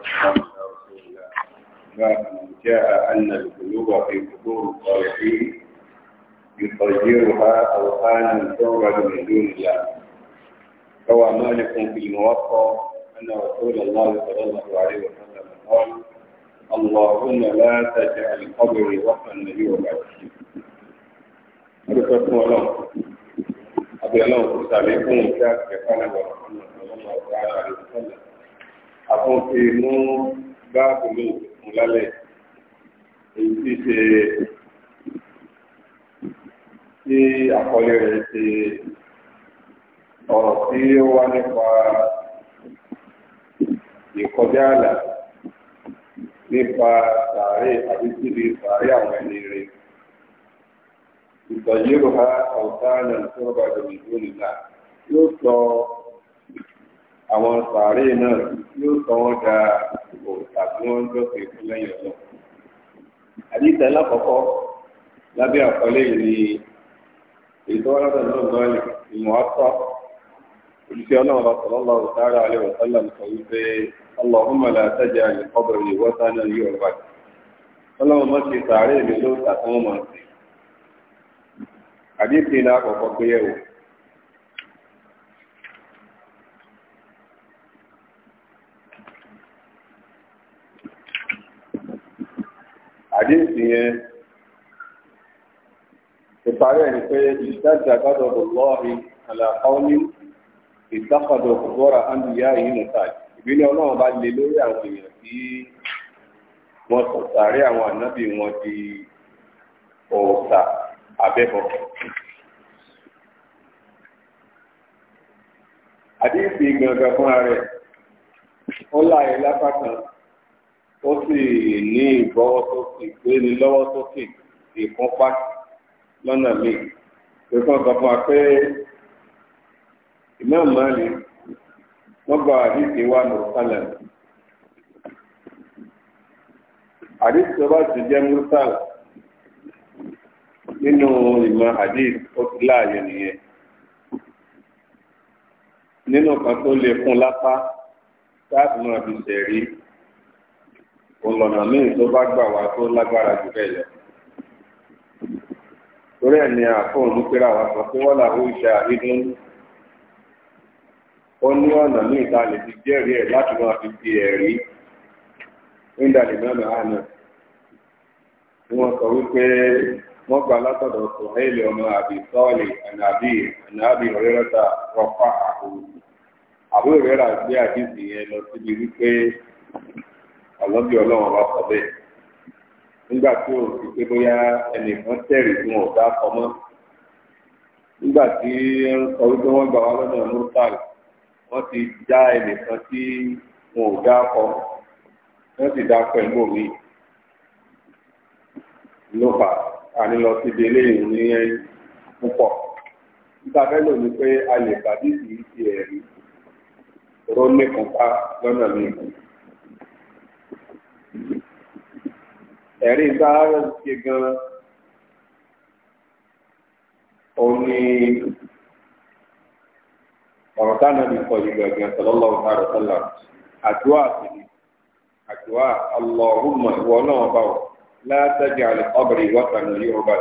رسول الله جاء أن القلوب في قبور الصالحين يطيرها أوهانا تعبد من دون الله روى مالك في الموقع أن رسول الله صلى الله عليه وسلم قال اللهم لا تجعل قبري وطن لي ولا أبي الله تعالى يكون كافي قال ورحمه الله تعالى عليه àfọ̀nfẹ́ mú báàbù mi fún lálẹ́ èyí tí ṣe tí àkọlé rẹ̀ ṣe ọ̀rọ̀ tí ó wá nípa ìkọjá àlà nípa sàárè àti síbi sàárè àwọn ẹni rẹ̀ ìtọ̀yẹ́rù ha ọ̀tá náà tó rọ́bà dòmìnira yóò sọ àwọn sàárè náà yóò sọ wọn da ìbò tàbí wọn jọ pé fún lẹ́yìn ọlọ àdìsẹ lákọ̀ọ́kọ́ lábẹ́ àkọlé yìí ni èyí tó wà lọ́dọ̀ náà náà ìmọ̀ àtọ òṣìṣẹ́ Ọlọ́run bá sọ̀rọ̀ lọrọ sáárà alẹ wọsánlá nǹkan wípé Allahumma la taj'al qabri watanan yu'bad Ọlọ́run má ti sàárè mi ló tàkùn mọ sí àdìsẹ lákọ̀ọ́kọ́ gbéyẹ̀wò. àdéhùn yẹn ìparí ẹni pé ìṣáàjà gbọ́dọ̀ bò lọrin àlàkọọlì ìtàkọdọ gbọrọ àndìyá yìí nìta ìbílẹ̀ Ọlọ́run bá lé lórí àwọn èèyàn tí wọ́n sọ sàárẹ àwọn ànábì wọn di ọ̀ọ̀sà abẹ́bọ̀. àdéhùn gangan fúnra rẹ̀ ó láyé lápá kan. ó sì ní ìgbọ́wọ́sókè ìgbéni lọ́wọ́sókè ìkúnpá lọ́nà míì pé kí wọ́n sọ fún wa pé Imam n'ọgba wọ́n gba àdìsí wa ní sálẹ̀ àdìsí tó bá ti jẹ́ mùsàlá nínú ìmọ̀ àdìsí ó ti láàyè kan tó lè fún lápá ọlọ́nà míì tó bá gbà wá tó lágbára jù bẹ́ẹ̀ lọ. torí ẹ̀ ni àfọ̀hún pẹ́rẹ́ àwa sọ pé wọ́n làwọn ìṣe àrídún ó ní ọ̀nà míì tá a lè fi jẹ́rìí ẹ̀ láti máa fi di ẹ̀rí nígbàdí mẹ́rin àná tí wọ́n sọ wípé wọ́n gbà látọ̀dọ̀ sọ̀hẹ́lì ọmọ àbí sọ́ọ̀lì ànàbí ànàbí àbúrò rẹ̀ rà gbé àdìsí yẹn lọ síbi àlọ́bí ọlọ́run bá sọ bẹ́ẹ̀ nígbà tí o ti pé bóyá ẹnìkan tẹ̀rì fún ọ̀dà ọmọ nígbà tí ń sọ wípé wọ́n gbà wá lọ́nà murtal wọ́n ti já ẹnìkan tí wọn ò dá kọ wọ́n sì dá pẹ̀lú mi ló fà ànílọ sí délé ní púpọ̀ nígbà fẹ́ lò ní pé a lè bàbí ìdí ti ẹ̀rí ronú ìkúnpá lọ́nà mi. ẹ̀rí sáárà ṣe gan òun ni ọ̀rọ̀ táwọn ẹni kọ yìí gbẹ̀gbẹ̀ sallallahu alaihi sí ni àdúrà Allahumma ìwọ náà bá wọ látàjà àlẹ ọbẹ̀rẹ̀ ìwọ́sàn ní yorùbá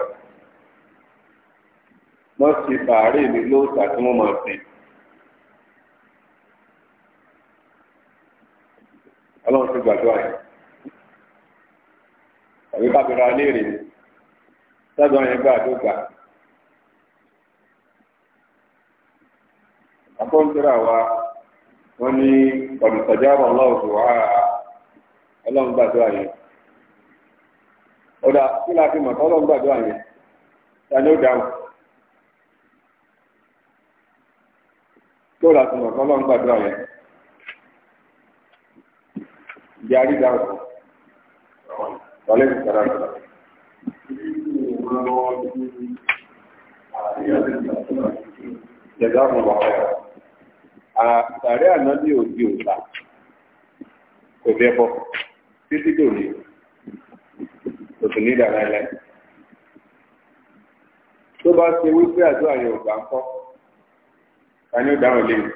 wọ́n ti bàárẹ̀ mi lóòótá tí máa sìn. ọlọ́run ti gbàdúrà yìí tàbí kábìrà léèrè sẹ́gbọ̀n yẹn gbà tó gbà. akọ́ńtẹ́rà wa wọ́n ní ọ̀dùnkọ̀já ọ̀rọ̀ ọlọ́run tó wá ọlọ́run gbàdúrà yẹn. ọ̀dà kí la fi mọ̀ kọ́ ọlọ́run gbàdúrà yẹn ta ni ó dáhùn. tó la fi mọ̀ kọ́ ọlọ́run yẹn. ìyá dáhùn wàlẹ́ ìsàrà ìsàrà. Yẹ̀dá ọmọ bàbá yà. Àtàrẹ́ àná ní òdi òta kò bí ẹbọ títí tó ní òtún ní ìdára ẹlẹ́. Tó bá ṣe wípé àdúrà yẹn ò bá ń kọ́, ta ni ó dáhùn lé mi?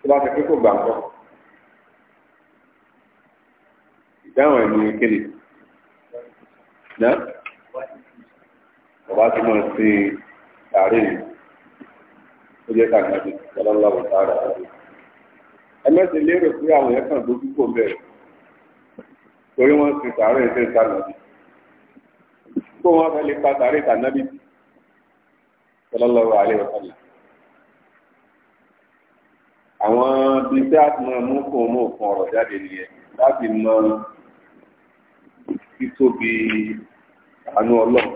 Tó bá ṣe pé kò gbà ń kọ́. ìdáhùn ẹ̀ ní kéde náà bàbá tó máa ṣe àárẹ̀ yìí ó jẹ́ kàkà bí ọlọ́láwọ̀ sáárà rẹ̀ ẹ mẹ́sì lérò pé àwọn yẹn kàn lójú kò bẹ̀rẹ̀ torí wọ́n ṣe sàárẹ̀ ṣe sànàbí kó wọ́n fẹ́ lè pa sàárẹ̀ sànàbí ọlọ́láwọ̀ àlẹ́ ọ̀sánlá àwọn bíi tí a ti máa mú fún un mú fún ọ̀rọ̀ jáde nìyẹn láti mọ títóbi àánú ọlọ́run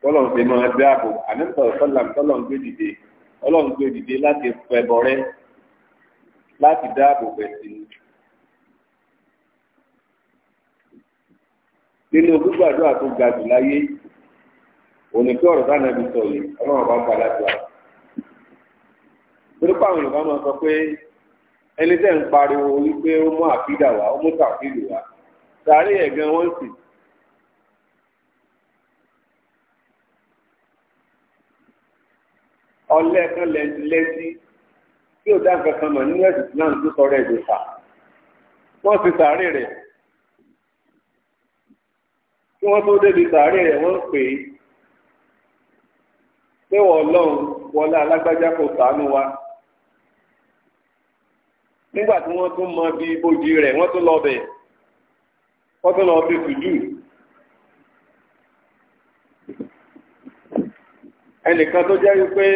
tọ́lọ̀ ṣe máa bẹ́ àbò àmẹ́tọ̀ sọ́là tọ́lọ̀ ń gbé dìde ọlọ́run gbé dìde láti fẹbọ rẹ láti dáàbò bẹ̀sì ni. nínú gbígbàdúrà tó ga jù láyé òní tí ọ̀rọ̀ sáà nàbí sọ yìí ọlọ́run bá gbà láti wá. torí pàwọn yorùbá máa sọ pé ẹni tẹ́ ń pariwo wípé ó mú àfídà wá ó mú tàfídù wá sàárè yẹn gan wọ́n sì. ọlẹ́ kan lẹ́sí tí ó dá nǹkan kan mọ̀ nínú ẹ̀sìn náà tó sọ̀rọ̀ ẹ̀dùn fà wọ́n ti sàárè rẹ̀ kí wọ́n tó débi sàárè rẹ̀ wọ́n pè é pé wọ́n lọ́hùn wọlé alágbájá kò ṣàánú wa nígbà tí wọ́n tún mọ bí ibojì rẹ̀ wọ́n tún lọ bẹ̀ẹ́ kọ́tọ́ lọ sí sùjú ẹnìkan tó jẹ́ wípé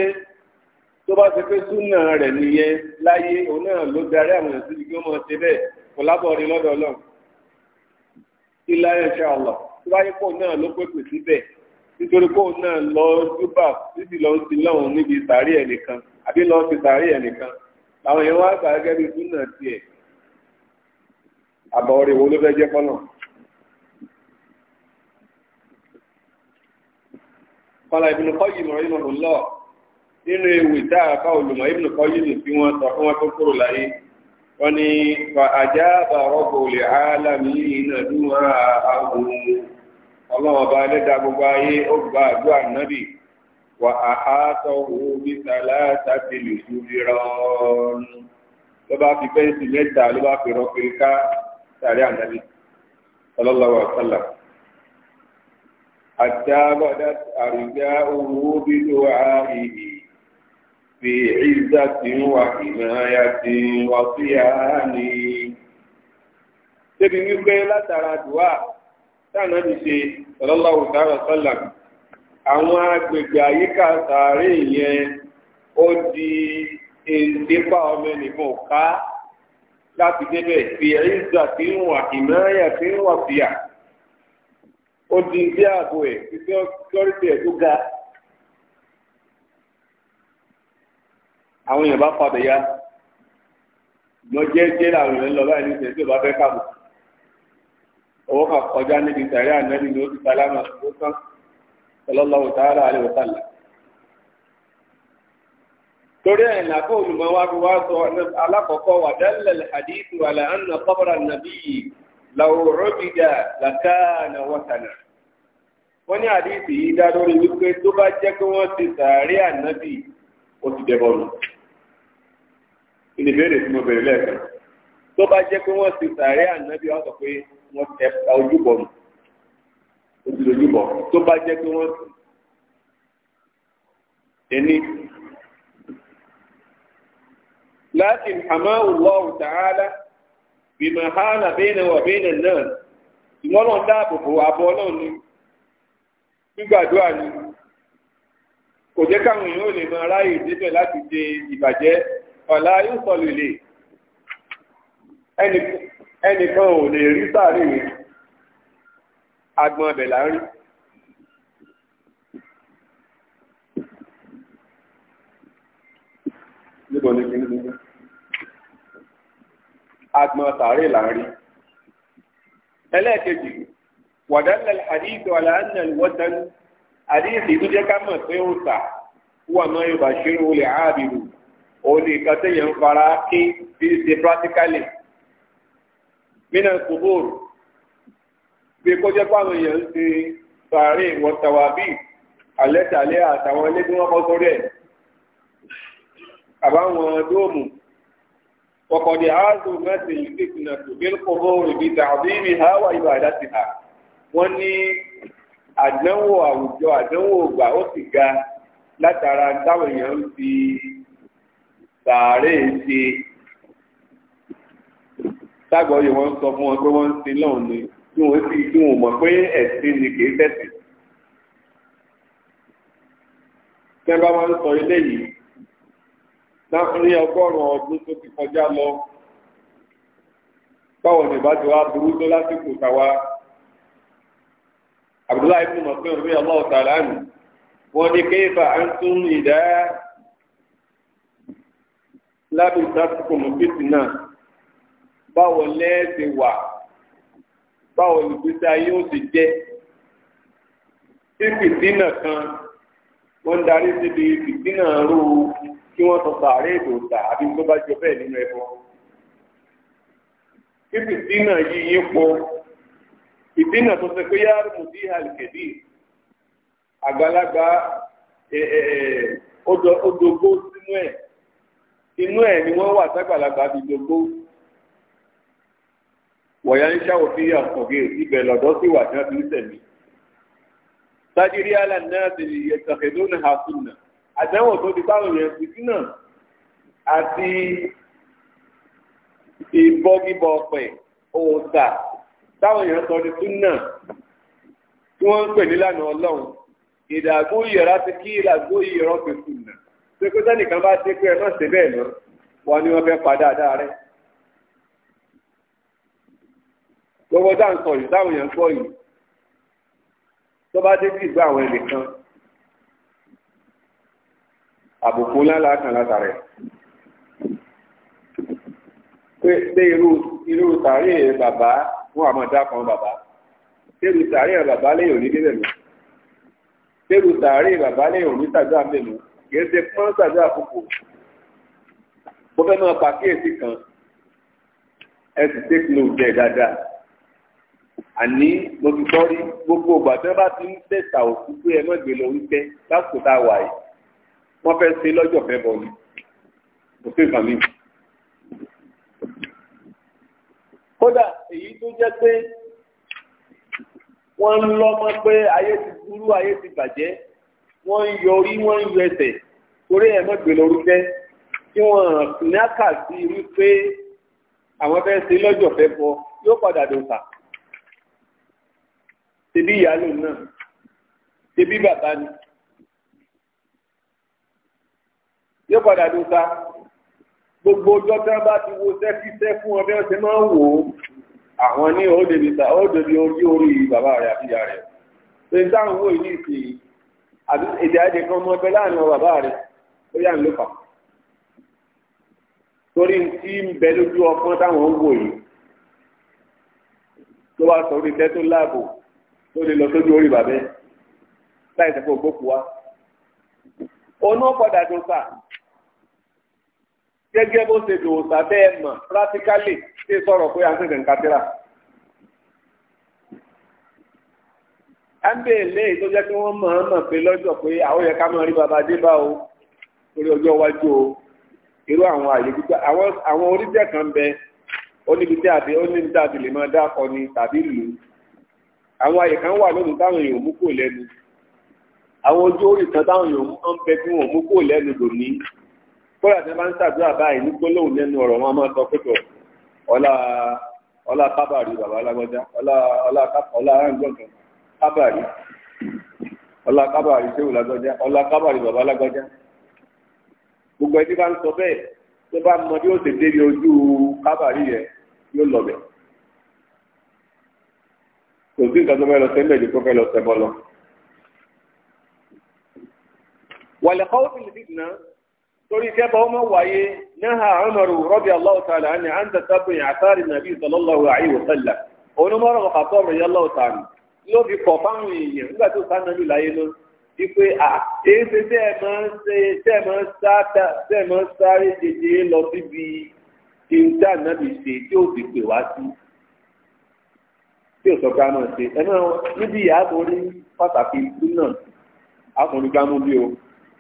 tó bá ti pé súnà rẹ̀ nìyẹn láyé òun náà ló darí àwọn èèyàn síbi kí wọ́n máa ṣe bẹ́ẹ̀ kò lábọ̀ rí lọ́dọ̀ ọlọ́run kí láyé insha Allah tó bá yẹ kó náà ló pépè síbẹ̀ nítorí kó náà lọ dúbà títí lọ sí lọ́hùn níbi sàárì ẹ̀ nìkan àbí lọ sí sàárì ẹ̀ nìkan làwọn èèyàn wá gbà gẹ́gẹ́ bí súnà tiẹ̀ àbọ̀ rẹ̀ wo ló fẹ́ jẹ́ fọ́nà. kọ́lá Ibn Qayyim rahimahullah nínú ewì tá a fa olùmọ̀ Ibn Qayyim fi wọn sọ fún wọn tó kúrò láyé wọn ni fa ajaba rabbul alamin dúnmọ́ àwọn ọlọ́wọ́n bá lẹ́dà gbogbo ayé ó gba àdúrà nábì wà àhátọ́wò bíta látàkì lè ṣúrí rán ló bá fi fẹ́ǹsì mẹ́ta ló bá fi rọ kiri ká sàrí ànábì sallallahu alaihi wasallam حتى بدت أرجاؤه بدعائه في عزة وحماية وصيان ṣébi wípé látara dùá táwọn ti ṣe sallallahu ta'ala sallam àwọn agbègbè àyíká sàárè yẹn ó di èdèpá ọmọ ẹnìkan ká láti débẹ̀ fi wà tí ń wà fìyà. ó ndị ibi ààbò ẹ̀ síkírọ́tì àwọn èèyàn bá padà ya ìgbọ́n jẹ́jẹ́ làwọn èèyàn lọ láì ní tí ò bá fẹ́ kàbọ̀. owó kan kọjá níbi ìtàrí ànábì ni ó ti sálámà ó tán sallallahu ta'ala alaihi wa torí ẹ̀ nàkó wa fi wá sọ alákọ̀ọ́kọ́ wà dálẹ̀ ala làwòrọ́gìdà làkàánà wọ́tànà wọ́n ní àdíìsì yìí dá lórí wípé tó bá jẹ́ pé wọ́n ti sàárẹ̀ ànábì ó ti dẹ̀bọ̀ nù ìdìbéèrè tí mo bẹ̀rẹ̀ lẹ́ẹ̀kan tó bá jẹ́ pé wọ́n ti sàárẹ̀ ànábì wọ́n pé wọ́n tẹ ojúbọ nù tó bá jẹ́ pé wọ́n ti ẹni láti hàmáwù bímọ hánà bẹ́ẹ̀nà wà bẹ́ẹ̀nà náà ìwọ́n náà dáàbò bò àbọ̀ náà ni gbígbàdúrà ni kò jẹ́ káwọn èèyàn ò lè máa ráyè débẹ̀ láti ṣe ìbàjẹ́ ọ̀la yóò sọ lèlè ẹnìkan ò lè rí sáré rẹ̀ agbọn ọbẹ̀ là ń agbọn tààrí là ń rí. ẹlẹ́ẹ̀kejì wàdánlẹ̀ àdìsí wàlá ànà wọ́tánú àdìsí tó jẹ́ ká mọ̀ pé ó sà wà mọ́ yorùbá ṣeré olè áàbìrù olè kàtẹ́yẹ̀ ń fara kí bí ṣe practically. mínà kòbóòrò bí kó jẹ́ pàwọn èèyàn ń ṣe tààrí wọ́tàwàbí alẹ́tàlẹ́ àtàwọn ilé tí kọ́ sórí ẹ̀ àbáwọn dóòmù وقد عازمت الفتنة بالقبور بتعظيمها وعبادتها wọ́n ní àdánwò àwùjọ àdánwò ògbà ó sì ga látara táwọn èèyàn ń fi sàárè ṣe tágbọ̀ọ́yè wọ́n sọ fún wọn pé wọ́n ń sin lọ́hùn ni tí wọ́n sì tí wọ́n mọ̀ pé ẹ̀sìn ni kì í tẹ̀sìn. tẹ́gbà wọn sọ ilé yìí láàrin ọgọ́rùn-ún ọdún tó ti kọjá lọ báwọn ìbá ti wá burú tó lásìkò tàwa Abdullahi ibn Mas'ud rí ọlọ́ ọ̀tàlá nù wọ́n ní kéèfà à ń tún ìdá lábẹ́ ìtàkùkù mọ̀fíìsì náà báwo lẹ́ẹ̀sì wà báwo lùgbésí ayé ti jẹ́ sí fìtínà kan ó ń darí síbi ìdínà rú kí wọ́n sọ sàárè ìdòòtà àbí tó bá jọ bẹ́ẹ̀ nínú ẹ̀fọ́. kí ìdínà yìí yín pọ̀ ìdínà tó ṣe pé yára mú sí àlùkèdì àgbàlagbà odògbó sínú ẹ̀ inú ẹ̀ ni wọ́n wà ságbàlagbà àti odògbó wọ̀nyá ń ṣàwọ̀ sí àkọ̀gẹ́ ìbẹ̀ lọ́dọ́ sí wà ní ọdún sẹ̀mí tajiri ala nnaasi yattakhiduna ha sunna àdánwò tó ti báwọn yẹn ti sínà àti ìbọgibọ ọpẹ òòṣà táwọn yẹn sọ ní sunna tí wọn ń pè nílànà Ọlọ́run ìdàgbò yẹra ti kí ìdàgbò yẹra ti sunna pé kó sẹ́nìkan bá dé pé ẹ má ṣe bẹ́ẹ̀ lọ wọn ni wọn fẹ́ padà dáa rẹ gbogbo dáǹkọ yìí táwọn yẹn ń yìí tó bá dé bí ìgbà àwọn ẹnìkan àbùkù ńlá látàn látàrẹ pé irú irú tàrí bàbá wọn àmọ́ dákan bàbá tẹrù tàrí bàbá lẹ́yìn òní débẹ̀ mọ́ tẹrù tàrí bàbá lẹ́yìn òní tàdúrà mẹnu kìí ṣe pọn tàdúrà púpọ̀ mo fẹ́ máa pàkíyèsí kan ẹ sì tẹkínú jẹ dáadáa àní mo ti sọ rí gbogbo ìgbà tí wọ́n bá ti ń tẹ̀sà òkú pé ẹ mọ̀ gbé lọ wípé lásìkò a wà yìí wọ́n fẹ́ ṣe lọ́jọ́ fẹ́ bọ̀ ni kò sí nǹkan mi. kódà èyí tó jẹ́ pé wọ́n ń lọ́mọ pé ayé ti burú ayé ti bàjẹ́ wọ́n ń yọ orí wọ́n ń yọ ẹsẹ̀ torí ẹ̀ mọ̀ gbé lọ wípé tí wọ́n náà kà sí wípé àwọn fẹ́ ṣe lọ́jọ́ fẹ́ bọ̀ yóò padà dòta ṣebí ìyálò náà ṣebí bàbá ni yóò padà ló ta gbogbo ọjọ́ tí wọ́n bá ti wo sẹ́kíṣẹ́ fún ọbẹ̀ ọ̀sẹ̀ máa ń wò ó àwọn ní ó débi ta ó débi orí orí bàbá rẹ̀ àti ìyá rẹ̀ pé táwọn owó ìlú ìsìn àbí èdè àìdè kan mọ ẹgbẹ́ láàrin ọ bàbá rẹ̀ ó yà ń ló fà torí tí ń bẹ lójú ọpọ́n táwọn ń wò yìí tó wá sọ orí tẹ́ láàbò ló lè lọ sójú orí bàbẹ́ láì sẹ́kọ̀ ògbókù wa oná padà dòṣà gẹ́gẹ́ bó ṣe dòṣà bẹ́ẹ̀ mọ̀ practically ṣe sọ̀rọ̀ pé à ń sèkè nǹkan tíra. à ń bèèrè léyìí tó jẹ́ kí wọ́n mọ̀ ọ́n mọ̀ pé lọ́jọ́ pé àwọn yẹ ká máa rí baba dé o lórí ọjọ́ iwájú o irú àwọn àyè gbígbà àwọn oríṣẹ́ kan bẹ ó níbi tí àbí ó níbi tí àbí lè máa dá akọni tàbí lù àwọn àyè kan wà lónìí táwọn èèyàn mú kò lẹ́nu àwọn ojú orí kan táwọn èèyàn ń bẹ tí wọn mú kò lẹ́nu lónìí kódà tí wọn bá ń ṣàdúrà báyìí ní gbólóhùn lẹ́nu ọ̀rọ̀ wọn máa sọ pé tọ̀ ọlá ọlá kábàárì bàbá alágbọ́dá ọlá ọlá ọlá aráǹgbọ̀ngàn kábàárì ọlá kábàárì ṣéwù lágbọ́dá ọlá kábàárì bàbá alágbọ́dá gbogbo ẹni bá ń sọ bẹ́ẹ̀ tó bá mọ bí ó ṣe débi ojú kábàárì yẹn yóò lọ bẹ́ẹ̀. kò sí nǹkan tó fẹ́ lọ sẹ́ńbẹ̀ ju kó fẹ́ lọ sẹ́bọ̀ lọ. wàlẹ̀ kọ́wọ́sì lè fìdínà torí na ọmọ wáyé náà àmàrù rọ́bì aláwọ̀tàlá ni à ń tẹ̀sàbìn àtàrí nàbí sọlọ́láwọ̀ àìwòsàlá onímọ̀ràn ọ̀pàtọ́ tí ò sọ pé a máa ṣe ẹ máa níbi ìyáàbò orí pàtàkì ìlú náà àkùnrin gbámú bí o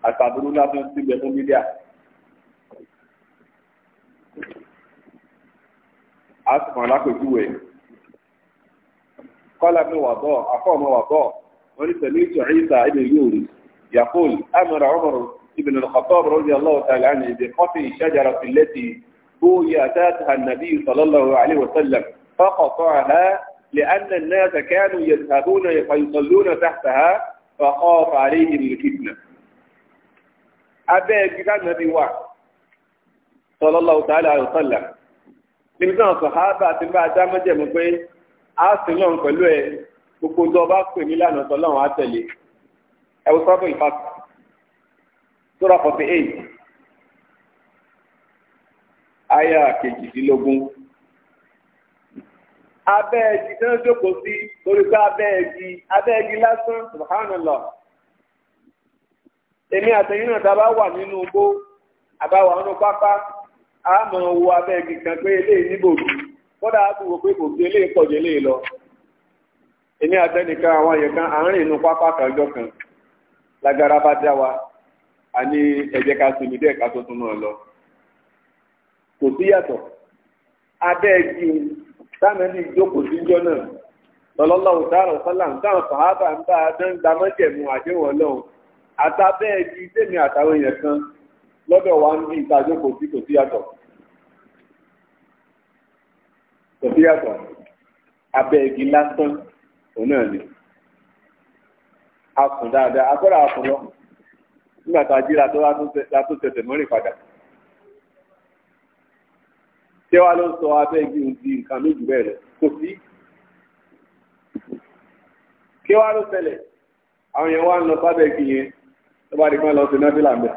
àtàbùrú lásán síbẹ̀ fún mídíà. a sì kàn lápèjúwe kọ́lá mi wà bọ́ afọ́ àfọ́ọ̀mọ́ wà bọ́ wọ́n ní sẹ̀lẹ̀ ìtọ̀ ìsà ẹ̀dẹ̀ yóò rí yàkóòl àmọ̀ràn ọmọrùn ابن الخطاب رضي الله تعالى عنه بقطع الشجرة التي بويتاتها النبي صلى الله عليه وسلم فقطعها لأن الناس كانوا يذهبون فيصلون تحتها فخاف عليهم الفتنة abẹ́ gíga nàbí wà sallallahu ta'ala alaihi wa sallam níbi náà sọ̀hábà ti bá ajá mọ́jẹ̀mú pé a sì lọ́n pẹ̀lú ẹ gbogbo tó ọba pè ní lànà tọ́lọ́run á tẹ̀lé ẹ̀wù sọ́bù ìfàt sura forty eight àyà kejìdínlógún abẹ́ ẹ̀jì tí wọ́n jókòó sí lórí pé abẹ́ ẹ̀jì abẹ́ ẹ̀jì lásán subhanallah èmi àtẹ̀yìn náà tá a bá wà nínú igbó àbáwà nínú pápá a máa wo abẹ́ ẹ̀jì kan pé eléyìí níbò bí kódà á tún wò pé kò sí eléyìí pọ̀ jẹ́ eléyìí lọ èmi àtẹnìkan àwọn àyè kan àárín inú pápá kan ọjọ́ kan lágbára bá dá wa a ní ẹ jẹ́ ká sinmi díẹ̀ ká tó náà lọ kò sí abẹ́ ẹ̀jì táwọn ẹni ìjókòó sí jọ náà lọlọlọwọ dáàrọ sọlá nǹkan fàábà ń bá adánda mọjẹmú àdéhùn Ọlọ́run àtàbẹ ẹbí tèmi àtàwọn èèyàn kan lọ́dọ̀ wa ń bí ìtajókòó sí kò sí yàtọ̀ kò sí yàtọ̀ abẹ igi lásán òun náà ni a sùn dáadáa agbára a sùn lọ nígbà tá a jí la tó tẹsẹ̀ mọ́rin padà ṣé wàá ló ń sọ abẹ́ igi òǹdí nǹkan méjì bẹ́ẹ̀ lọ kò sí. kí wàá ló ṣẹlẹ̀ àwọn yẹn wá ń lọ sábẹ́ igi yẹn tó bá di kan lọ sí nábìlà ń bẹ̀.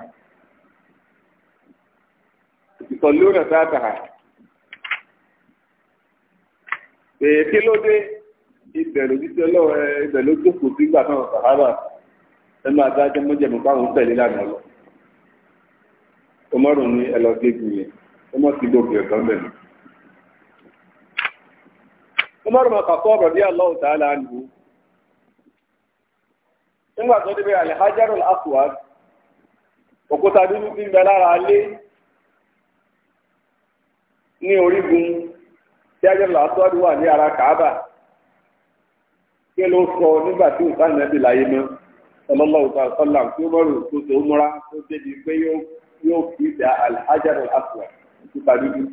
ìsọ̀lú ọ̀nà tá a tà á. èyí kí ló dé ibẹ̀ ló ti tẹ́lọ̀ ibẹ̀ ló jókòó sígbà náà sàhábà ẹnu adájọ́ mọ́jẹ̀mú báwọn tẹ̀lé lánàá lọ. ọmọrùn ni ẹ lọ gégùn yẹn. ọmọ ti gbogbo ẹ̀tọ́ mẹ́rin. Umaru Makafọ́ Rọ̀dí Allah Ta'ala nìyí. Nígbà tó débẹ̀ Alhajar al-Aswad, òkúta dúdú ti ń bẹ lára alé ní orígun tí ara Kaaba. Kí ló sọ nígbà tí òkúta nàbì láyé mọ́? tó tó múra tó débi pé yóò ìdá òkúta dúdú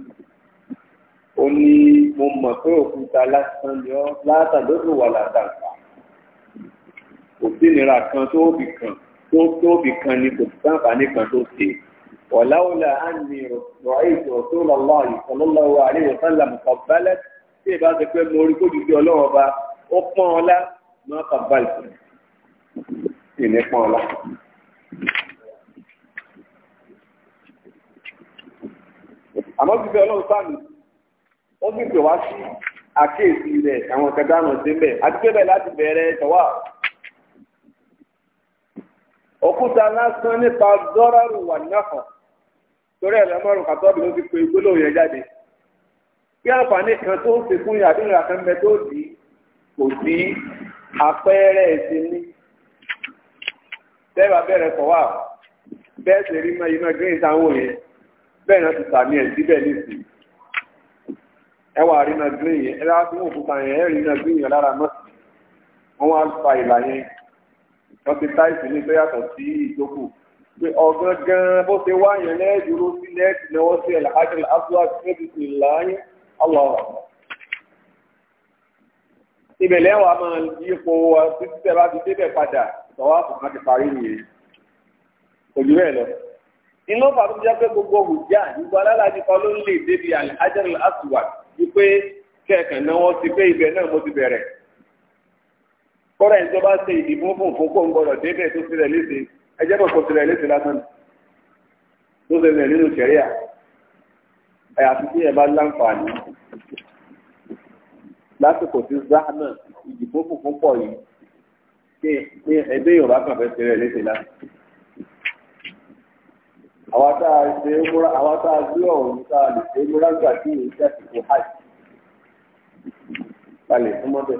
ó ní mo mọ̀ pé òkúta lásán ni ọ́ látàdókò wà látàgbà kò sí ìnira kan tó bì kan tó tó bì kan ni kò sí àǹfààní kan tó ṣe ọ̀làwọ̀là á ní rọ̀ẹ́sì ọ̀tún lọ́wọ́ ìfọ̀lọ́lọ́wọ́ àríwọ̀sánlá mọ̀kànbálẹ̀ tí ìbá ti pẹ́ mo rí kójú sí ọlọ́wọ́ bá ó pọ́n ọlá mọ́kànbálẹ̀ ìní pọ́n ọlá. àmọ́ bíbẹ́ ọlọ́run sáàmì ó sì pè wá sí àkéèsí rẹ̀ àwọn kẹta àwọn ṣe bẹ́ẹ̀ àti pé bẹ́ẹ̀ láti bẹ̀rẹ̀ tọ́wà. òkúta lásán nípa dọ́rọ̀rù wà náfà torí ẹ̀ lọ́mọ́rùn kàtọ́bì ló ti pe gbólóhùn yẹn jáde. bí àǹfààní kan tó ń ṣe fún yàrá ìrìn àkànmẹ́ tó dì kò sí àpẹẹrẹ ẹ̀sìn ní. bẹ́ẹ̀ bá bẹ̀rẹ̀ tọ́wà bẹ́ẹ̀ sì rí mọ́ iná gírísà ń wò yẹn bẹ́ẹ̀ náà ti sàmì ẹ̀ síbẹ̀ nísìnyí ẹ wà rí náà green yẹn ẹ láti mú òkúta yẹn ẹ rí náà green yẹn lára náà wọ́n wá fa ìlà yẹn wọ́n ti táìsì ní tó yàtọ̀ sí ìjókòó pé ọ̀gán gan bó ṣe wá yẹn lẹ́ẹ̀dúró sí lẹ́ẹ̀dì náà wọ́n ṣe ẹ̀ láàkìlá àbúrò àti ìlà yẹn ọlọ́rọ̀ ìbẹ̀lẹ̀ wa máa yípo títí tẹ́ bá ti débẹ̀ padà ìtọ́wá kò má ti parí nìyẹn kò bẹ́ẹ̀ lọ inú fàtó jẹ́ pé gbogbo òjá gbogbo alálàájì kan ló ń lè débi alhajar aswad wípé kẹ̀kẹ́ náà wọ́n ti pé ibẹ̀ náà mo ti bẹ̀rẹ̀ kọ́ra ẹni tó bá ṣe ìdìbò fún fún kó ń gbọdọ̀ débẹ̀ tó sílẹ̀ léṣe ẹjẹ́ bọ̀ kó sílẹ̀ léṣe lásán tó ṣẹlẹ̀ nínú sẹ̀ríà ẹ̀ àti tí ẹ bá láǹfààní lásìkò tí zahna ìdìbò fún fún pọ̀ yìí ẹgbẹ́ yorùbá kan fẹ́ sílẹ̀ léṣe lásán àwa tá a ṣe é múra àwa tá a gbé ọ̀hún tá a lè ṣe é múra gbà tí èyí ṣe àsìkò hajj ta lè fún mọ́bẹ̀.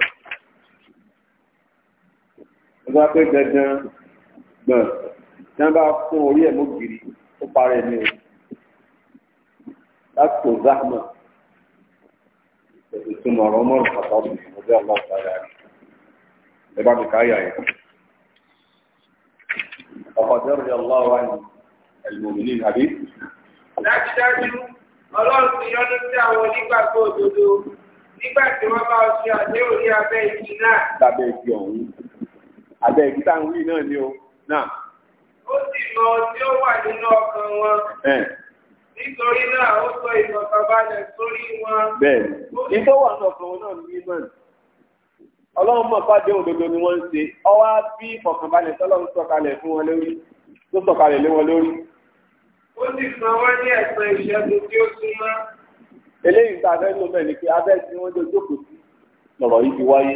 ó bá ẹ̀lùmọ̀mìnì àbí. dájúdájú ọlọ́run ti yọ́nú sí àwọn onígbàgbọ́ òdodo nígbà tí wọ́n bá ṣe àdéhùn ní abẹ́ igi náà. lábẹ́ igi ọ̀hún abẹ́ igi táwọn wí náà ni o náà. ó sì mọ tí ó wà nínú ọkàn wọn. nítorí náà ó sọ ìfọ̀kànbalẹ̀ sórí wọn. bẹ́ẹ̀ ni ìtọ́ wà nínú ọkàn wọn náà ní mímọ́ ọlọ́run mọ̀ pàdé òdodo ni wọ́n ń ṣe ọwá bí ìfọ̀kànbalẹ̀ tọ́lọ́run sọ̀kalẹ̀ fún wọn lórí tó sọ̀kalẹ̀ lé wọn lórí ó sì san wọ́n ní ẹ̀sán ìṣẹ́gun tí ó súnmọ́. eléyìí tá a fẹ́ lọ bẹ́ẹ̀ ni pé abẹ́ tí wọ́n jọ jókòó sí lọ̀rọ̀ yìí ti wáyé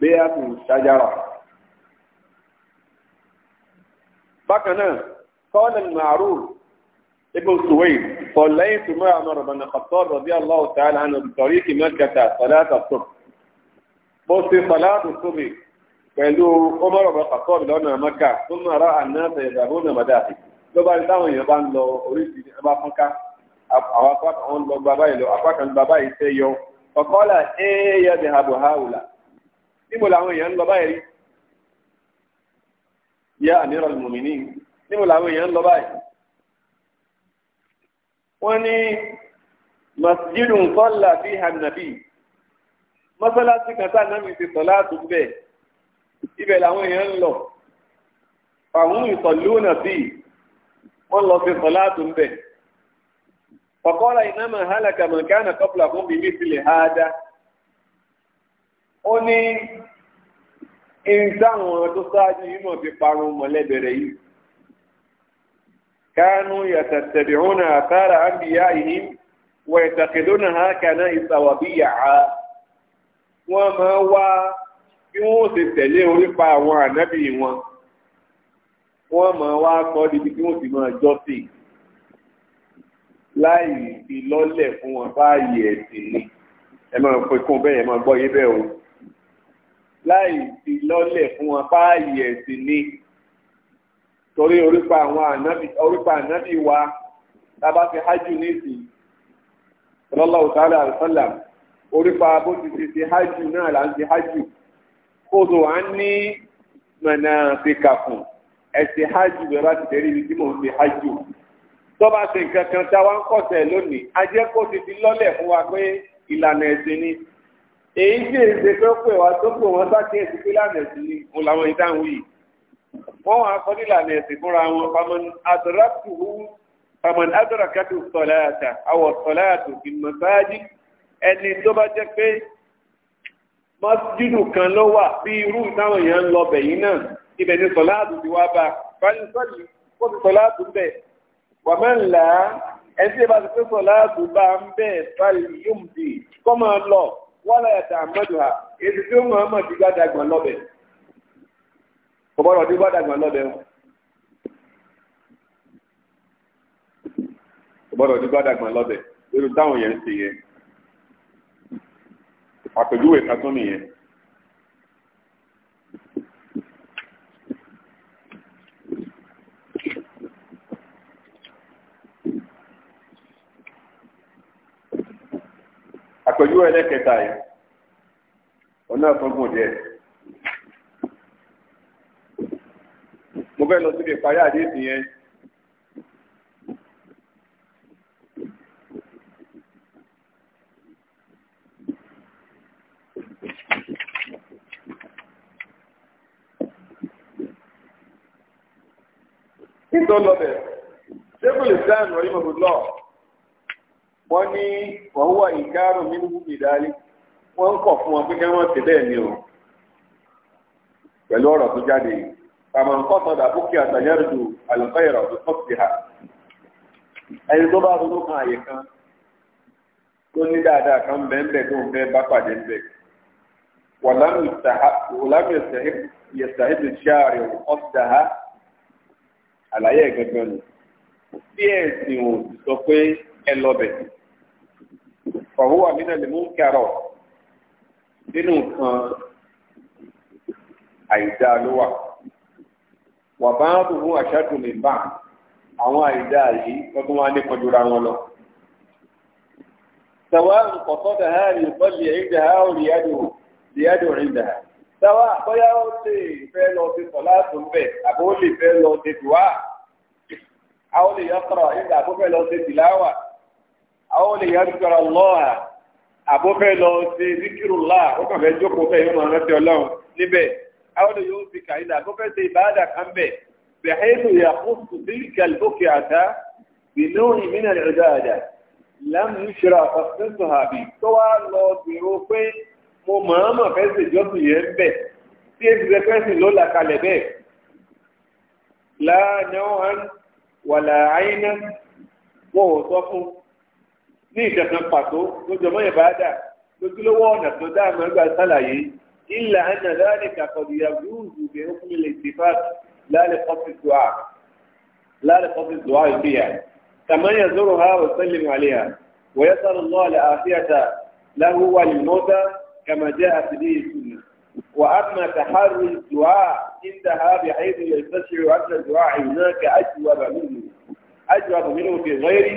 bẹ́ẹ̀ àti ìṣájára. bákan náà kọ́ọ̀lù màrú ibn suwaid صليت مع عمر بن الخطاب رضي الله تعالى عنه بطريق مكة صلاة الصبح بصي صلاة الصبح pẹ̀lú ọmọrọ̀ bàtà kọ́ọ̀bì lọ́nà maka tó máa ra àná ṣe ìdàgbọ́n náà lọ́ba ní táwọn èèyàn bá ń lọ oríṣiríṣi ẹ bá fún ká àwọn apá kan lọ bàbá yìí lọ apá kan bàbá yìí fẹ́ yọ ọ̀kọ́là ẹ̀ẹ́yẹ ti hàbọ̀ háwùlà níbo làwọn èèyàn ń lọ báyìí yá àmíràn mùmíní níbo làwọn èèyàn ń lọ báyìí. wọ́n ní masjidu sọ́là fi hànàbí mọ́sálásí kan tá nàmi ti sọ láàtú bẹ́ẹ̀ ibẹ̀ làwọn èèyàn ń lọ fàwọn ìsọ̀lú náà bíi wọ́n lọ sí sọ láàtú ń bẹ̀. ọ̀kọ́ra ìnáma hálàkà mọ̀kánà kọ́pùlà fún bí mi tilẹ̀ ha dá. ó ní ìdáhùn tó ṣáájú yìí mọ̀ fi parun mọ̀lẹ́bẹ̀rẹ̀ yìí. kánú yàtàtàbíhùn àtàrà àbíyá ìhìn wọ̀ ìtàkìdónà ha kàná ìsàwàbíyà á. wọ́n máa wá bí wọ́n sì tẹ̀lé orípa àwọn ànábì wọn wọ́n mọ̀ wá kọ́ níbi tí wọ́n ti máa jọ́sìn láì fi lọ́lẹ̀ fún wọn báyìí ẹ̀sìn ni ẹ máa pe kún bẹ́ẹ̀ ẹ máa gbọ́ yé bẹ́ẹ̀ o láì fi lọ́lẹ̀ fún wọn báyìí ẹ̀sìn ni torí orípa àwọn ànábì orípa ànábì wa tábà fi hajj nísìnyí sallallahu ta'ala alaihi wasallam orípa bó ti ti ti hajj náà là ń ti hajj kódò à ń ní mọ̀nà ti kà fún un ẹsẹ hajj bẹ́ẹ̀ bá ti tẹrí ibi tí mò ń ṣe hajj tọba ṣe nǹkan kan tá wa ń kọsẹ̀ lónìí ajẹkọ ti fi lọ́lẹ̀ fún wa pé ìlànà ẹ̀sìn ni èyí tí èsè pé pé wa tó pé wọn bá tiẹ̀ sí pé lànà ẹ̀sìn ni mo làwọn ìdáhùn yìí wọn wà kọ nílànà ẹ̀sìn fúnra wọn pamọn adaratu pamọn adarakatu sọláyàtà awọ sọláyàtò fi ẹni tó bá jẹ́ pé mọsídùú kan ló wà bí irú táwọn èèyàn ń lọ bẹ̀yìn náà ibẹ̀ ni sọ̀láàtù ti wá bá fani sọ́ọ̀lì ó ti sọ̀láàtù bẹ̀ wàmẹ́ńlá ẹni tí ìbá ti pé sọ̀láàtù bá ń bẹ̀ fani yóò di kọ́ máa lọ wọ́lá ẹ̀ta àmọ́jù ha èsì tí ó mọ̀ ọmọ ti gbá dàgbọ̀n lọ́bẹ̀ kò gbọ́dọ̀ ti gbá dàgbọ̀n lọ́bẹ̀ wọn. kò ti gbá dàgbọ̀n lọ́bẹ̀ lórí táwọn yẹn ń ṣe yẹn àpèjúwe kan nìyẹn. àpẹjú ẹlẹ́kẹta yìí ọ̀nà àfọ́gùn díẹ̀. mo fẹ́ lọ síbi ìparí àdéhùn yẹn. Nítorí lọ́bẹ̀, ṣé kò lè dáhùn ọ̀yìn mọ̀gbọ́n lọ́ọ̀? wọ́n ní wàhùwà ìkárò mímú ìdálé wọ́n ń kọ̀ fún wọn pé bẹ́ẹ̀ ni pẹ̀lú ọ̀rọ̀ tó jáde àmọ́ nǹkan àtàyẹ̀rùdù àlùfẹ́ ìrọ̀lù tó ha. hà ẹni tó bá ronú kan àyè kan tó ní dáadáa kan bẹ́ẹ̀ tó ń fẹ́ bá pàdé ń bẹ̀ ṣáàrì ọ̀sà ha àlàyé ni fọwọ́ àmínà lè mú kẹrọ nínú nǹkan àìdá ló wà wà bá ń bùnú àṣàdùn lè bá àwọn àìdá yìí tọdún wa ní kọjúra wọn lọ. سواء قصدها ليصلي عندها أو ليدعو ليدعو عندها sáwà bóyá ó lè fẹ́ lọ sí sọ̀lá tó ń bẹ̀ àbó lè fẹ́ lọ sí dùá àwọn lè yọ sọ̀rọ̀ ìgbà tó fẹ́ lọ sí tìláwà àwọn olè yẹn dúkọ̀ lọ́wọ́ àbófẹ́ lọ sí zikirullah ó kàn fẹ́ jókòó fẹ́ yóò máa rántí ọlọ́run fi kàyídà àbófẹ́ ṣe ìbáàdà kan bẹ̀ bẹ̀hẹ́nu yàkóso bíríkà lókè àdá bìnú ìmínà ìrẹ̀dá àdá na ìṣura ọ̀sẹ̀sọ̀ àbí tó wá ní ìkankan pàtó lójó mọ́ ìbáadà lójúlówó ọ̀nà tó dá àmọ́ ẹgbàá sálàyé ilẹ̀ ẹ̀nà láàrin kàkọ́dìyà gúúsù kì í fún ilé ìtìfà lálẹ́ kọ́fí dùá lálẹ́ kọ́fí dùá ìbíyà وأما تحري الدعاء عندها بحيث يستشعر أن الدعاء هناك أجوب منه أجوب منه في غيره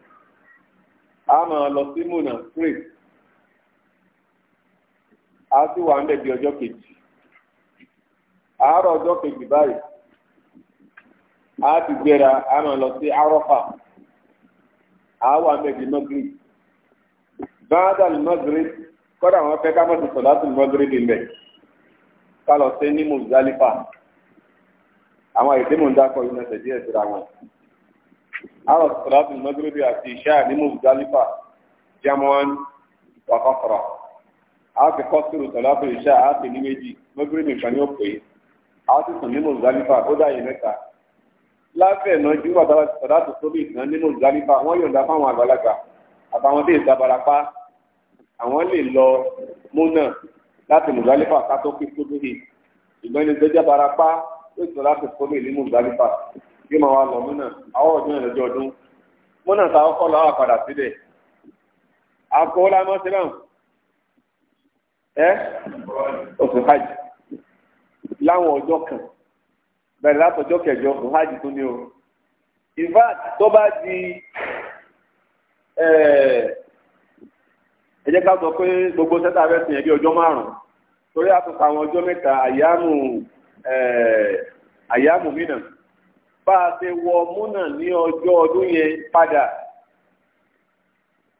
a máa lọ sí múnà straight a sì wà ń bẹ̀ di ọjọ́ kejì àárọ̀ ọjọ́ kejì báyìí a ti gbéra a máa lọ sí arọ́fà a wà ń bẹ̀ di mọ́gírì báńdà lè mọ́gírì kọ́dà wọn fẹ́ ká mọ́tò sọ̀dá sí mọ́gírì dì mẹ́ ká lọ sí ní mùsùlùmí àwọn èdè mò ń dákọ̀ yìí náà tẹ̀lé wọn. àwọn sọláàtì mọ́gírẹ́bì àti ìṣá ní mùsùlùmí jamuan wàkọ́kọ́rọ́ a ti kọ́ sírù sọláàtì ìṣá a ti ní méjì mọ́gírẹ́bì kan yóò pè é a ti sùn ní mùsùlùmí ó dá yìí mẹ́ta láfẹ̀ẹ́ náà ju bàbá sọláàtì sóbì náà ní mùsùlùmí wọ́n yọ̀ǹda fáwọn àgbàlagbà àtàwọn bí ìsabarapá àwọn lè lọ múnà láti mùsùlùmí kátó kí sóbì ìgbẹ́ni gbẹ́jẹ́ barapá ó sọ láti sóbì ní mùsùlùmí yóò máa wá lọ múnà àwọn ọdún yẹn lọ́jọ́ ọdún múnà táwọn kọ́ lọ́wọ́ padà síbẹ̀ àkọ́ lámọ́ sí náà ẹ́ oṣù hajj láwọn ọjọ́ kan bẹ̀rẹ̀ látọjọ́ kẹjọ oṣù hajj tó ní o ìfà tó bá di ẹ jẹ́ ká sọ pé gbogbo sẹ́tà rẹ̀ sìn ẹ́ bí ọjọ́ márùn-ún torí àtúntà àwọn ọjọ́ mẹ́ta àyàmù àyàmù mìíràn. bá a ṣe wọ múnà ní ọjọ́ ọdún yẹn padà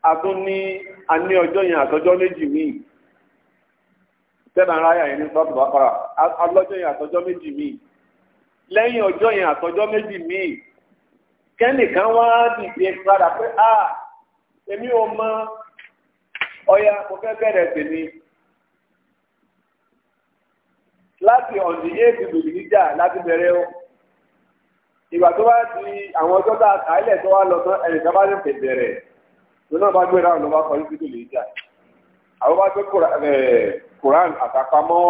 a ní a ní ọjọ́ yẹn àtọjọ́ méjì míì tẹ́lá ráyà yẹn ní sọ́ọ̀tù bá para alọ́jọ́ yẹn àtọjọ́ méjì míì lẹ́yìn ọjọ́ yẹn àtọjọ́ méjì míì kẹ́nìkan wá dìde padà pé a èmi ò mọ ọya mo fẹ́ bẹ̀rẹ̀ sí ni. láti ọ̀nìyé ìdìbò ìdíjà láti bẹ̀rẹ̀ o. ìgbà tó bá di àwọn ọjọ́ tá a kà á lẹ̀ tó wá lọ tán ẹnìkan bá ní pè bẹ̀rẹ̀ tó náà bá gbéra ọ̀nà bá kọ ní títí lè jà àwọn bá gbé Quran àtàpamọ́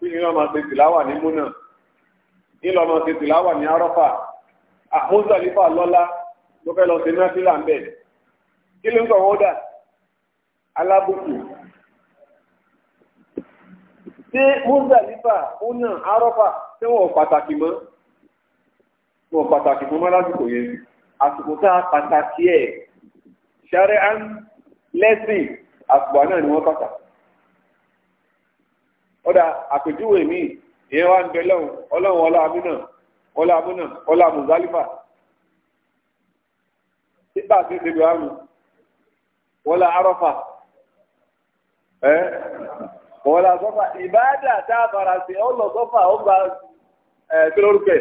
tí ní ọmọ ṣe tìláwà ní múnà ní lọmọ ṣe tìláwà ní arọ́fà àmúzàlífà lọ́lá ló fẹ́ lọ sí náfìlà ń bẹ̀ kí ló ń kọ̀ wọ́n dà alábùkù ṣé múzàlífà múnà arọ́fà tí wọ́n pàtàkì mọ́ wọn pàtàkì fún mọ́lásìkò yẹn àsìkò tá a pàtàkì ẹ̀ ṣáré án lẹ́sìn àsìkò náà ni wọ́n pàtàkì. ọ̀dà àpèjúwe mi ìyẹn wá ń bẹ lọ́hùn ọlọ́run ọlá amúnà ọlá amúnà ọlá mùsálífà nígbà tí ìṣèlú àrùn wọ́n la arọ́fà ẹ́ wọ́n la sọ́fà ìbáàdà tá a fara sí ọ lọ sọ́fà ó gba ẹ̀ kí lórúkẹ́.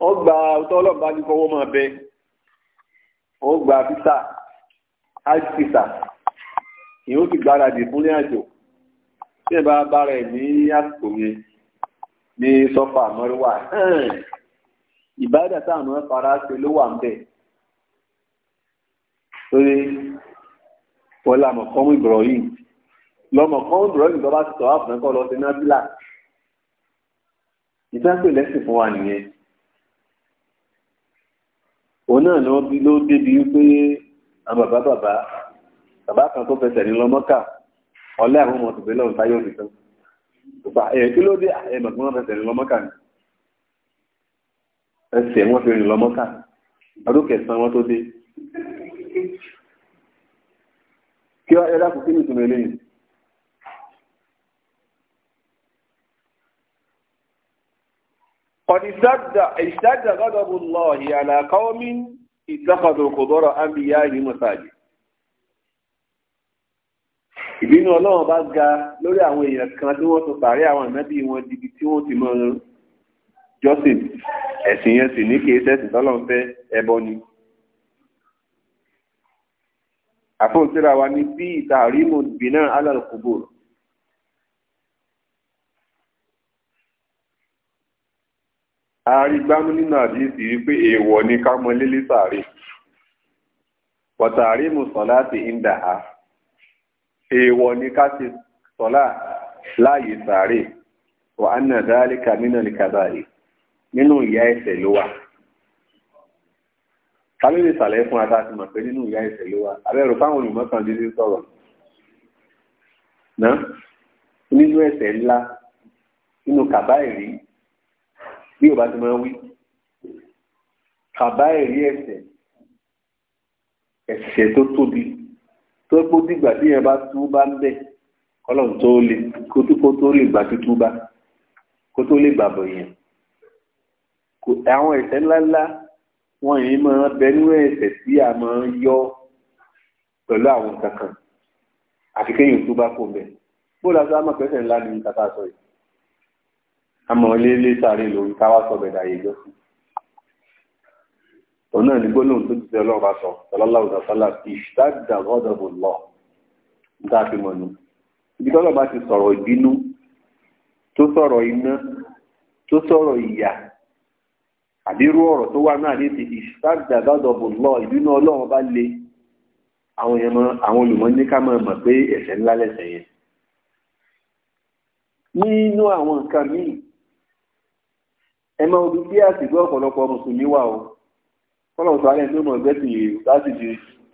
wọ́n gba ọtọ́ ọlọ́mọba ní kọ́wọ́ máa bẹ wọ́n gba fisa hajj fisa ìyẹn ó sì gbáradì fún ní àjò tí ẹ bá bára ẹ ní àsìkò yẹn ní sọfà mọ́ríwá ìbádà táwọn ọmọ fara ṣe ló wà ń bẹ̀ lórí wọlé àmọ̀kọ́mú Ibrahim lọ́mọ̀kọ́mú Ibrahim tó bá ti sọ àfọ̀nẹ́kọ́ lọ sí nábìlà ìtàkùn lẹ́sìn fún wa nìyẹn òun náà ló débi wípé àwọn bàbá bàbá bàbá kan tó fẹsẹ̀ ní lọ́mọ́kà ọlẹ́ àwọn ọmọ tòbí lọ́run táyé òbí kan gbà ẹ̀ kí ló dé ẹ̀mọ̀ tí wọ́n fẹsẹ̀ ní lọ́mọ́kà ni ẹsẹ̀ wọ́n fi rìn lọ́mọ́kà ọdún kẹsàn-án wọ́n tó dé kí ẹ̀dá kò kí ni ìtumọ̀ eléyìí قد اشتد غضب الله على قوم اتخذوا قبور انبيائهم مساجد ìbínú ọlọ́run bá ga lórí àwọn èèyàn kan tí wọ́n tó pàrí àwọn ìmẹ́bí wọn dìbí tí wọ́n ti mọ̀ jọ́sìn ẹ̀sìn yẹn sì ní kí ẹsẹ̀sìn tọ́lọ́run fẹ́ ẹbọ ni àfóòsíra wa ní bí ìta àrímù bìnà alálùkùbò àrígbámú nínú àdíyèsí wípé èèwọ̀ ni ká mọ lélé sàárè wàtàrí mu sọ̀lá ti ń dà á èèwọ̀ ni ká ti sọ̀lá láàyè sàárè wà á nà dáálíkà nínú ìkàbáyé nínú ìyá ẹsẹ̀ ló wà kálí lè sàlẹ̀ fún ata ti mọ̀ pé nínú ìyá ẹsẹ̀ ló wà abẹ́rù fáwọn olùmọ́kàn dídí sọ̀rọ̀ nínú ẹsẹ̀ ńlá nínú kàbáyé rí bí ò bá ti máa wí kàbá ẹ̀rí ẹ̀ṣẹ̀ ẹ̀ṣẹ̀ tó tóbi tó pé ó dìgbà tí yẹn bá tú bá ń bẹ̀ ọlọ́run tó lè kó tó lè gbà tútú bá kó tó lè gbàbọ̀ yẹn àwọn ẹ̀ṣẹ̀ ńláńlá wọn yìí máa bẹnú ẹ̀ṣẹ̀ tí a máa yọ pẹ̀lú àwọn kankan àfi kéèyàn tó bá kó bẹ̀ bó la sọ àmọ̀ pẹ́sẹ̀ ńlá ni kàtà sọ yìí àmọ́ ilé ilé sáré lórí káwá sọ̀bẹ̀dà àyèjọ́ sí òun náà ní gbólóhùn tó ti tẹ ọlọ́run bá sọ sọlọ́lá òdàsọ́lá ìṣtáàdà ọ̀dọ̀bù lọ níta fi mọ̀ ní ibi tọ́lọ́ bá ti sọ̀rọ̀ ìbínú tó sọ̀rọ̀ iná tó sọ̀rọ̀ ìyà àbírú ọ̀rọ̀ tó wà náà ní ti ìṣtáàdà ọ̀dọ̀bù lọ ìbínú ọlọ́run bá le àwọn yẹn mọ àwọn olùmọ̀ ní ká máa mọ̀ pé ẹ̀ṣẹ̀ ńlá lẹ́ṣẹ̀ yẹn nínú àwọn nǹkan míì ẹ máa ojú bí àsìgbé ọ̀pọ̀lọpọ̀ mùsùlùmí wà o kọ́lọ̀ sọ alẹ́ tó mọ̀ ẹgbẹ́ sì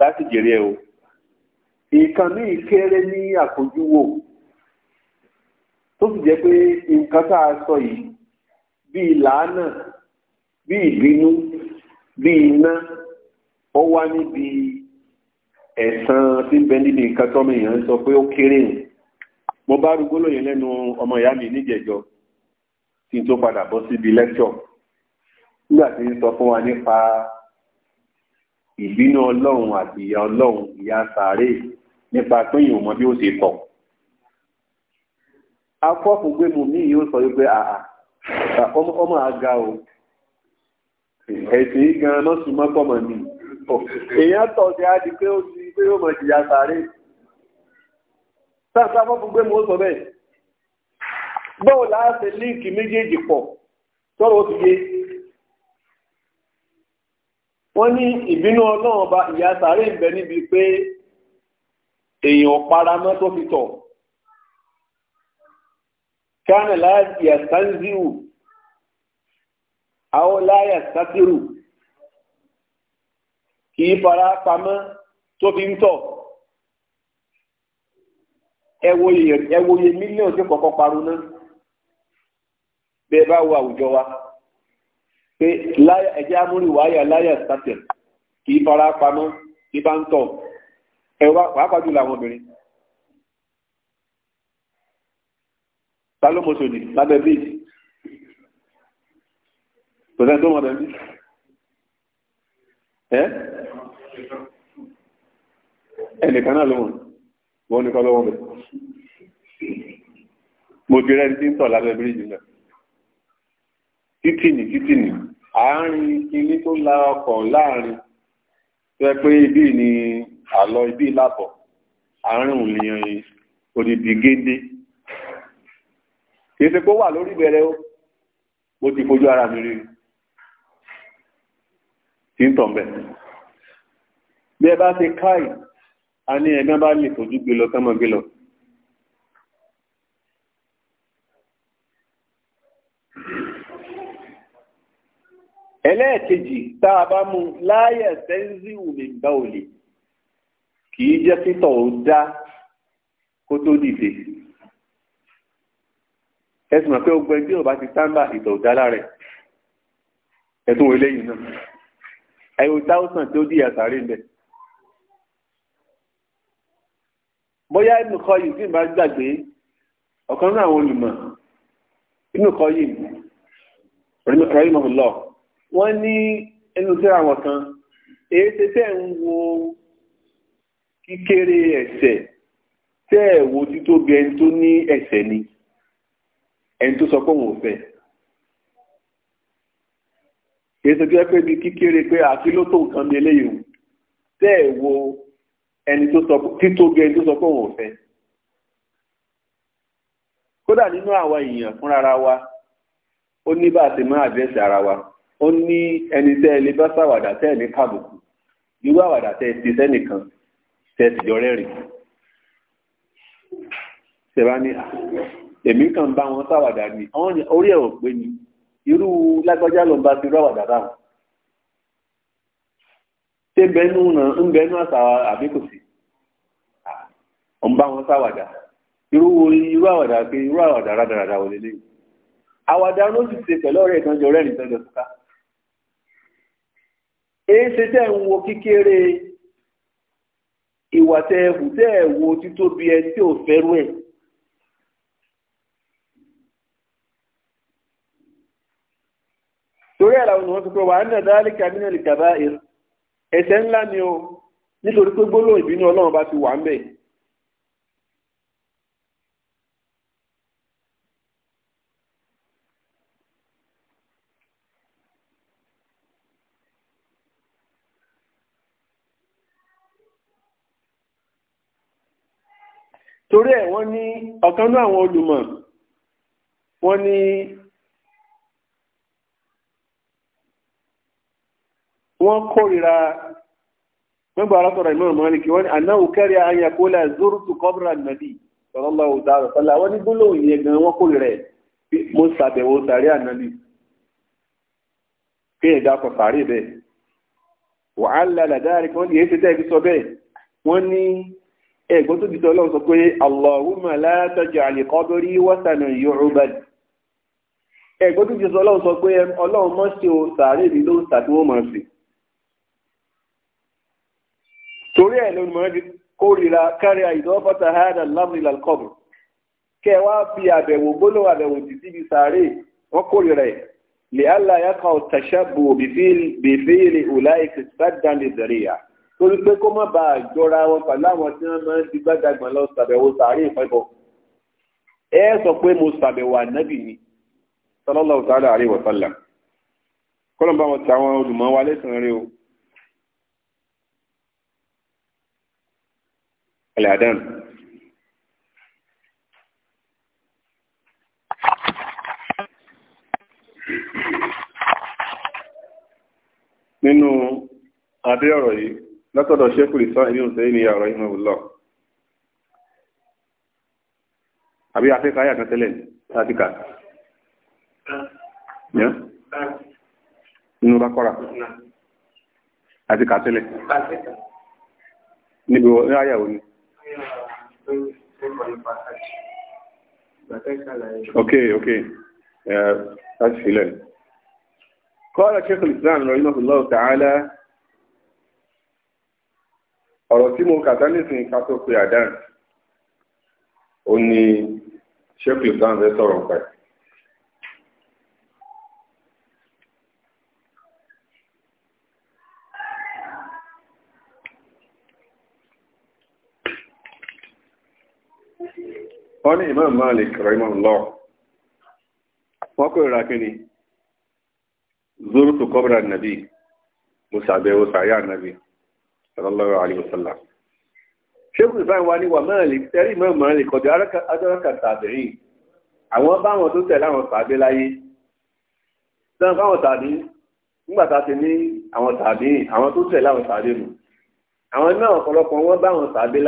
láti jèrè ẹ o nǹkan míì kéré ní àkójúwò tó sì jẹ́ pé nǹkan tá a sọ yìí bíi làánà bíi ìbínú bíi iná ó wá níbi ẹ̀sán tí ń bẹ níbi nǹkan tọ́mọ èèyàn sọ pé ó kéré mo bá rúgbó lóye lẹ́nu ọmọ ìyá mi níjẹ̀jọ́ kí n tó padà bọ́ síbi lẹ́kṣọ̀ nígbà tí ń sọ fún wa nípa ìbínú ọlọ́run àti ìyà ọlọ́run ìyà sàárè nípa pé èèyàn mọ bí ó ṣe tọ̀ afọ́fúngbẹ́mu míì yóò sọ wípé àà ọmọ àga o ẹ̀sìn gan lọ́sùn mọ́kànmọ́ ni èèyàn tọ̀ sí á di pé ó ti pé ó mọ̀ jìyà sàárè sáà sáfọ́fúngbẹ́mu ó sọ bẹ́ẹ̀ báwo láti líǹkì méjèèjì pọ̀ sọ̀rọ̀ ti yé wọ́n ní ìbínú ọlọ́run ọba ìyà sàárè ń bẹ níbi pé èèyàn paramọ́ tó fi tọ̀ kánà láti yàtánzíwù àwọn láyà sátírù kì í fara pamọ́ tó fi ń tọ̀ ẹwòye mílíọ̀n tí kọ̀ọ̀kan parun náà bẹ́ẹ̀ bá wo àwùjọ wa pé ẹ̀jẹ̀ amúrìwáyà láyà sátẹ̀ kì í fara pamọ́ kì í bá ń tọ̀ ẹ wá pàápàá jùlọ àwọn obìnrin. ta ló mọ̀ṣọ́ ni lábẹ́ bíi kò sẹ́ni tó mọ̀ bẹ́ẹ̀ bíi ẹ́ ẹnìkan náà ló mọ̀ wọ́n ní kọ́ lọ́wọ́ bẹ́ẹ̀ mo ti rẹ́ni tí ń tọ̀ lábẹ́ bíríìjì náà títìnì títìnì àárín kinní tó la ọkọ̀ láàrin tó yẹ pé ibí ni àlọ ibí làbọ̀ àárín òun ni odidi gédé kìí ṣe pé ó wà lórí ìbẹ̀rẹ̀ o mo ti fojú ara mi rí i tí ń tàn bẹ̀. bí ẹ bá ṣe káì a ní ẹ̀gbọ́n bá lè fojú gbé lọ sọ́mọ gbé lọ. ẹlẹ́ẹ̀kejì tá a bá mú láyẹ̀ sẹ́ńzíwù lè gbá òlè kì í jẹ́ títọ̀ ó dá kó tó dìde ẹsùn àpẹ́ ogun ẹgbẹ́ ọba ti sáńbà ìtọ̀ ó dá lára ẹ̀tún wọlé yìí náà ẹ̀wò táwùsàn tó di àtàrí ńbẹ. bóyá inú kọ yìí tí n gbàgbé ọ̀kan náà àwọn olùmọ̀ inú kọ yìí rẹ̀ mọ̀ lọ́ọ̀ wọ́n ní ẹnu tí àwọn kan èyí tẹ́ tẹ́ ń wo kíkéré ẹ̀ṣẹ̀ tẹ́ ẹ̀ wo títóbi ẹni tó ní ẹ̀ṣẹ̀ ni ẹni tó sọ pé òun ò fẹ́ èyí tẹ́ tẹ́ pé bí kíkéré pé àti ló tó nǹkan bí eléyìí tẹ́ ẹ̀ wo ẹni tó sọ ẹni tó sọ pé òun fẹ́ kódà nínú àwa èèyàn fúnra wa ó ní bá a ti máa àdírẹ́sì ara wa ó ní ẹni tẹ́ ẹ lè bá ṣàwàdà tẹ́ ẹ ní kàbùkù irú àwàdà tẹ́ ẹ ti sẹ́nìkan tẹ́ ẹ sì jọ rẹ́rìn ṣẹ̀bá ní èmi kan bá wọn ṣàwàdà ni orí ẹ̀ ò pé ni irú lágbájá ló ń bá ti rú àwàdà báwọn ṣé bẹnu náà ń bẹnu àṣà àbí kò sí ọ̀ ń bá wọn ṣàwàdà irú irú àwàdà pé irú àwàdà rádaràdà wọlé lẹ́yìn àwàdà ló sì ṣe pẹ̀lú ọ̀rẹ́ ìtọ́jú ọ̀rẹ́ ìtọ́jú ọ̀túnká èyí ṣe tẹ́ ń wo kékeré ìwà tẹ́ ẹ̀hù tẹ́ ẹ̀ wo títóbi ẹ tí ò fẹ́rù ẹ̀. torí ẹ̀ làwọn ènìyàn ti pé wàá nà dáálì kàmínà lè kàbá ẹ̀ṣẹ̀ ńlá ni o nítorí pé gbólóhùn ìbínú ọlọ́run bá ti wà ń bẹ̀. torí ẹ̀ wọ́n ní ọ̀kan náà àwọn olùmọ̀ wọ́n ní wọ́n kórìíra mẹ́bà alátọ̀rọ̀ ìmọ̀ mọ́lìkì wọ́n ní anáwò kẹ́rì ayakólà zúrùtù kọ́bùrà nàbí sallallahu alaihi wasallam wọ́n ní gbólóhùn yẹn gan wọ́n kórìíra ẹ̀ mo ṣàbẹ̀wò sàrí ànábì kí ẹ̀gbọ́n tó ti sọ ọlọ́run sọ pé Allahumma la taj'al qabri watanan yu'bad ẹ̀gbọ́n tó ti sọ ọlọ́run sọ pé ọlọ́run mọ́ sí o sàárè mi ló ń tàbí wọ́n máa fi torí ẹ̀ lónìí mọ́ra kórìíra kárí àìdọ́fọ́ta hada al-amri torí pé kó má ba àjọra wọn pẹ̀lú àwọn tí wọ́n máa ń di gbàdàgbà lọ sàbẹ̀wò sàárè ìfẹ́bọ̀ ẹ sọ pé mo sàbẹ̀wò ànábì ni sallallahu ta'ala alaihi wa sallam kọ́lọ́mbà wọn ti àwọn olùmọ̀ wa lẹ́sìn rí o. Al-Adhan. nínú abẹ́ ọ̀rọ̀ yìí látọ̀dọ̀ ṣẹ́kù ìsọ́ ìní òṣèré ní ọ̀rọ̀ ìmọ̀ òwúlọ̀ àbí afẹ́kà ayà kan tẹ́lẹ̀ tàbíkà nínú bá kọ́ra àti kà tẹ́lẹ̀ níbi ayàwó ni ok ok láti sílẹ̀ قال شيخ الإسلام رحمه الله تعالى ọ̀rọ̀ tí mo kàtá nísìnyí ká tó pe àdáhùn ó ní ṣéèkì ìbáwọn fẹ́ sọ̀rọ̀ pẹ̀. wọ́n ní Imam Malik rahimahullah wọ́n kó ìrà kíni zuru tó kọ́bùrà nàbí mo ṣàbẹ̀wò sàyà nàbí sallallahu alayhi wa sallam ṣéèkù ìfẹ́ wa ní wà Malik tẹ́rí mọ́ Malik kọjá adọ́rọ́kà tàbíyìn àwọn báwọn tó tẹ̀lé àwọn tàbí láyé náà báwọn tàbí nígbà tá a ti ní àwọn tàbí àwọn tó tẹ̀lé àwọn tàbí nù àwọn náà ọ̀pọ̀lọpọ̀ wọn báwọn tàbí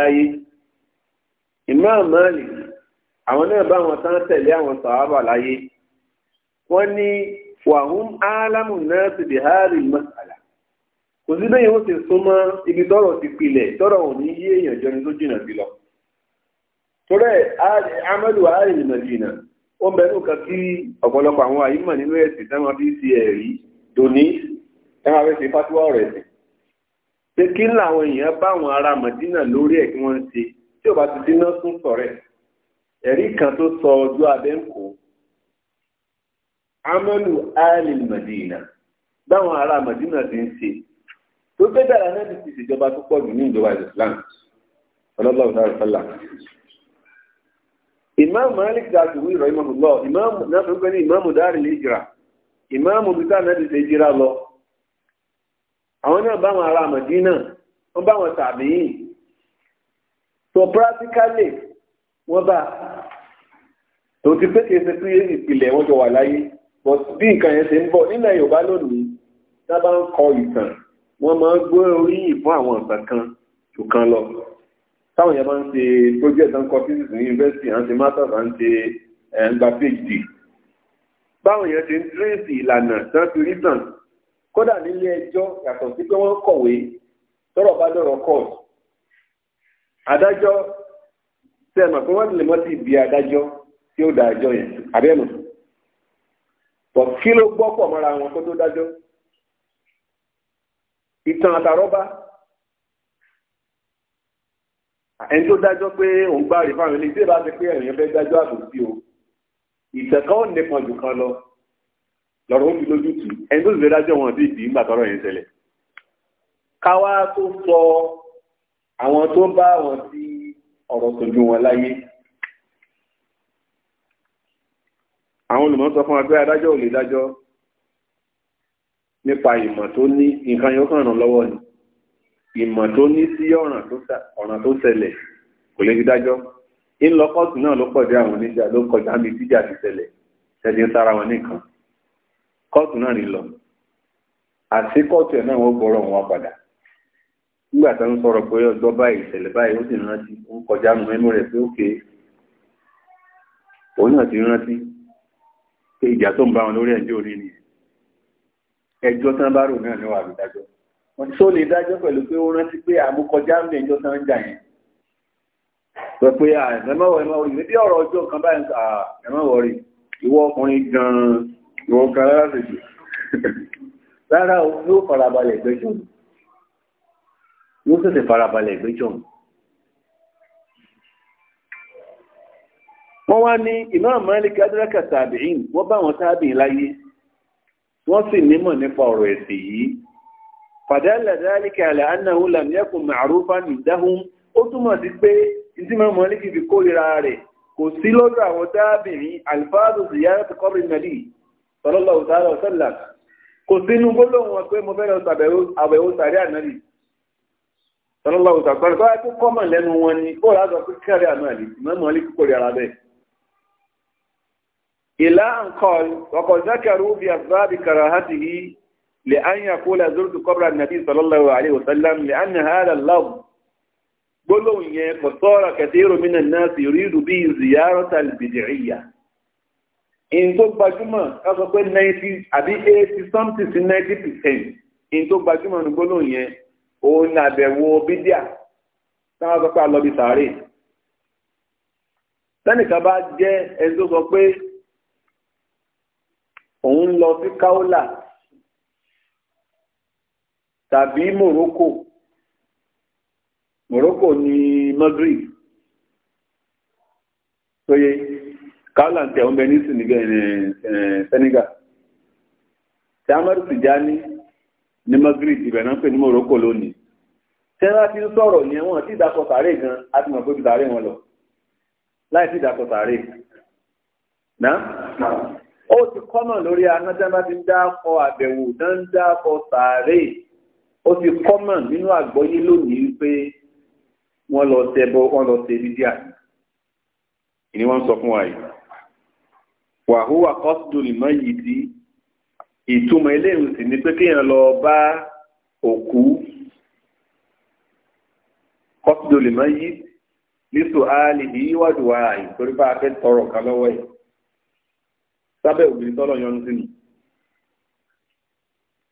tán tẹ̀lé àwọn sàhábà láyé wọ́n ní wàhùn álámù náà ti dìhárì mọ́sálà kò sí bẹ́yìn ó ibi tọ́rọ̀ ti pilẹ̀ tọ́rọ̀ ò ní yí èèyàn jọ tó jìnà sí lọ. torí amadu ó ń bẹ nǹkan kí ọ̀pọ̀lọpọ̀ àwọn àyímọ̀ nínú ẹ̀sìn táwọn bí ti ẹ̀rí dòní táwọn ṣe fásitì ọ̀rọ̀ ẹ̀sìn. pé kí èèyàn bá ará madina lórí ẹ̀ kí wọ́n ń ṣe tí ò bá ti náà sún sọ̀rẹ́ kan tó sọ ọjọ́ abẹ́ ń kó amadu tó gbé dára náà ti ti ìṣèjọba tó pọ̀ jù ní ìjọba Islam ọlọ́lọ́run náà sọ́là. ìmáàmù Malik dàtú wí ìrọ̀ ìmáàmù lọ ìmáàmù náà tó gbé ní ìmáàmù dárì lè jìrà ìmáàmù bí táà náà ti ṣe jìrà lọ. àwọn náà bá wọn ará Mádínà wọn bá wọn tàbí yìí. so practically wọ́n bá tó ti pé kìí ṣe tí ìpìlẹ̀ wọn jọ wà láyé but bí nǹkan yẹn ṣe ń bọ̀ nílẹ̀ Yorùbá lónìí tá a bá ń kọ ìtàn wọ́n máa ń gbé orí ìfún àwọn nǹkan kan jù kan lọ táwọn yẹn máa ń ṣe project and courses ní university àti masters and ṣe ẹ̀ǹgbà phd báwọn yẹn ṣe ń tírèsì ìlànà tán ti rí tàn kódà nílé ẹjọ́ yàtọ̀ sí pé wọ́n kọ̀wé tọ́rọ̀ bá dọ̀rọ̀ court adájọ́ sẹ́ẹ̀mà pé wọ́n lè mọ́ sí ibi adájọ́ tí ó dájọ́ yẹn àbẹ́nu kí ló gbọ́pọ̀ ìtàn àtàrọ́bá ẹni tó dájọ́ pé òun gbá rí fáwọn ilé ìdílé bá ti pé ẹ̀rìn fẹ́ dájọ́ àtòsí o ìtàn kan ò nípọn jù kan lọ lọ́rọ̀ ó fi lójú tì ẹni tó sì fẹ́ dájọ́ wọn bíi ìgbà tọrọ yẹn ṣẹlẹ̀ káwá tó sọ àwọn tó bá wọn sí ọ̀rọ̀ tójú wọn láyé àwọn olùmọ̀ sọ fún wa pé adájọ́ ò lè dájọ́ nípa ìmọ̀ tó ní nǹkan yóò kàn ràn lọ́wọ́ ni ìmọ̀ tó ní sí ọ̀ràn tó ṣẹlẹ̀ kò lè fi dájọ́ ńlọ kóòtù náà ló kọjá àwọn oníjà ló kọjá níbi tíjà ti ṣẹlẹ̀ ṣẹ̀dí ń sára wọn nìkan kóòtù náà ní lọ àti kóòtù ẹ̀ náà wọ́n gbọ́rọ̀ wọn padà nígbà tó ń sọ̀rọ̀ pé ọjọ́ báyìí ìṣẹ̀lẹ̀ báyìí ó sì rántí ó ń kọjá nu ẹnu rẹ̀ pé òkè òun náà ti rántí pé ìjà tó ń bá wọn lórí ẹ̀jẹ̀ òní nìyẹn ẹjọ́ tán bá rò náà ni wà ló dájọ́ wọ́n tó lè dájọ́ pẹ̀lú pé ó rántí pé àmúkọjá ń bẹ̀ ẹjọ́ tán ń jà yẹn sọ pé ẹ̀mọ́wọ̀ ẹ̀mọ́wọ̀ rí bí ọ̀rọ̀ ọjọ́ kan báyìí ẹ̀mọ́wọ̀ rí ìwọ ọkùnrin gan-an ìwọ kan láti jù rárá o yóò farabalẹ̀ ẹgbẹ́jọ́ mi yóò tètè farabalẹ̀ ẹgbẹ́jọ́ mi. wọ́n wá ní ìmáàmù Málíkì adúlákà tàbíìn wọ́n bá wọn tábìín láyé wọ́n sì nímọ̀ nípa ọ̀rọ̀ ẹ̀sìn yìí fàdálà dáríkà àlẹ́ anáhù làmíẹ́kùn màrúfà nìdáhùn ó túmọ̀ sí pé ìdímọ̀ mọ́líkì fi kórìíra rẹ̀ kò sí lọ́dọ̀ àwọn dábìnrin alifáàdù ziyara ti kọ́rin nàlí sọlọ́lọ́ òtàlọ́ sẹ́là kò إلى أن قال وقد ذكروا بأسباب كراهته لأن يقول زرت قبر النبي صلى الله عليه وسلم لأن هذا اللفظ قلوا فصار كثير من الناس يريد به زيارة البدعية in tó gbajúmọ̀ ká sọ pé 90 àbí 80 something sí 90 percent in tó gbajúmọ̀ ní gbólóhùn yẹn òun ní àbẹ̀wò bídíà táwọn sọ pé àlọ́bí sàárè sẹ́nìkan bá jẹ́ ẹni tó sọ pé òun lọ sí kaula tàbí Morocco Morocco ni Madrid tóye kaula ń tẹ ọmọ sí Senegal tí Amadu Tijani ní Madrid ibẹ̀ náà pè ní Morocco lónìí tí wọ́n ti ń sọ̀rọ̀ ní ẹ̀wọ̀n tí ìdàkọ̀ sàárè gan a ti mọ̀ pé ibi sàárè wọn lọ láì sí sàárè náà. ó ti kọ́nà lórí anájẹ́bá ti ń dákọ̀ àbẹ̀wò náà ń dákọ̀ sàárè ó ti kọ́nà nínú àgbọ́yé lónìí pé wọ́n lọ tẹ́bọ wọ́n lọ tẹ́ ibi díà ni wọ́n sọ fún wa yìí wàhúwà kọ́sùdù lìmọ́ yìí di ìtumọ̀ eléyìí sì ni pé kéèyàn lọ bá òkú kọ́sùdù lìmọ́ yìí nítorí àlè yìí wájú wa àyè torí bá a fẹ́ tọrọ kan lọ́wọ́ yìí sábẹ́ obìnrin tọ́lọ̀ yọnu sí ni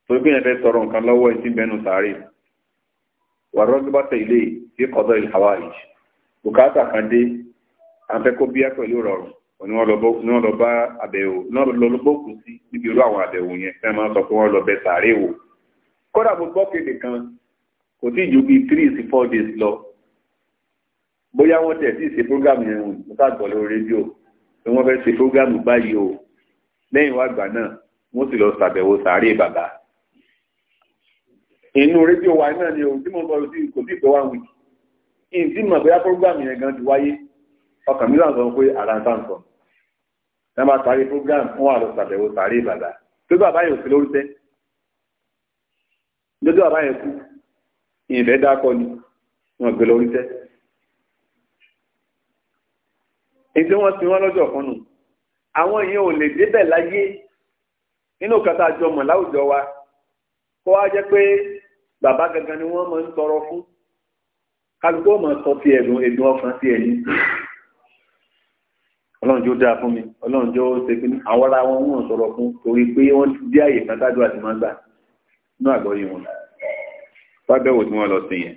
torí pé yẹn fẹ́ tọrọ nǹkan lọ́wọ́ ẹtí bẹnu sàárè wà rọ́gbọ́tẹ̀ ilé tí kọ́dọ̀ ìhàwá yìí bùkátà kan dé afẹ́kó bíyà pẹ̀lú rọrùn ni wọ́n lọ bá àbẹ̀wò náà lọ ló gbókù sí níbi irú àwọn àbẹ̀wò yẹn fẹ́ máa sọ pé wọ́n lọ bẹ sàárè wò kódà mo gbọ́ kéde kan kò tí ju bíi three sí four days lọ bóyá wọ́n tẹ̀ sí ìṣe program yẹn mo sá gbọ́ lórí rédíò pé wọ́n fẹ́ ṣe program báyìí o lẹ́yìn wá gbà náà wọ́n sì lọ ṣàbẹ̀wò sàárè bàbá inú rédíò wa náà ni ohun tí mo ń bọ̀ sí kò sí ìpẹ́ wá wíìkì ìyìn tí mo bóyá prógrámù yẹn gan ti wáyé ọkàn mi láǹsọ̀ pé ara ń sàn sàn ní wọ́n bá parí prógrámù wọ́n wà lọ ṣàbẹ̀wò sàárè bàbá tó bàbá yẹn ò sí lórúkẹ́ lójú bàbá yẹn kú ìfẹ́ dákọ ni wọ́n gbé lórúkẹ́ èyí tí wọ́n sin wọ́n lọ́jọ́ kan nù àwọn èèyàn ò lè débẹ̀ láyé nínú kàtà àjọmọ̀ láwùjọ wa kó wá jẹ́ pé bàbá gangan ni wọ́n máa ń tọrọ fún kálukú ọmọ sọ ti ẹ̀dùn ẹ̀dùn ọkàn ti ẹ̀yìn ọlọ́run jó dáa fún mi ọlọ́run jó ṣe fún mi àwọn ará wọn wọ́n sọ̀rọ̀ fún torí pé wọ́n dé àyè kan àti máa gbà nínú àgọ́ yìí wọn fábẹ́wò tí wọ́n lọ sí yẹn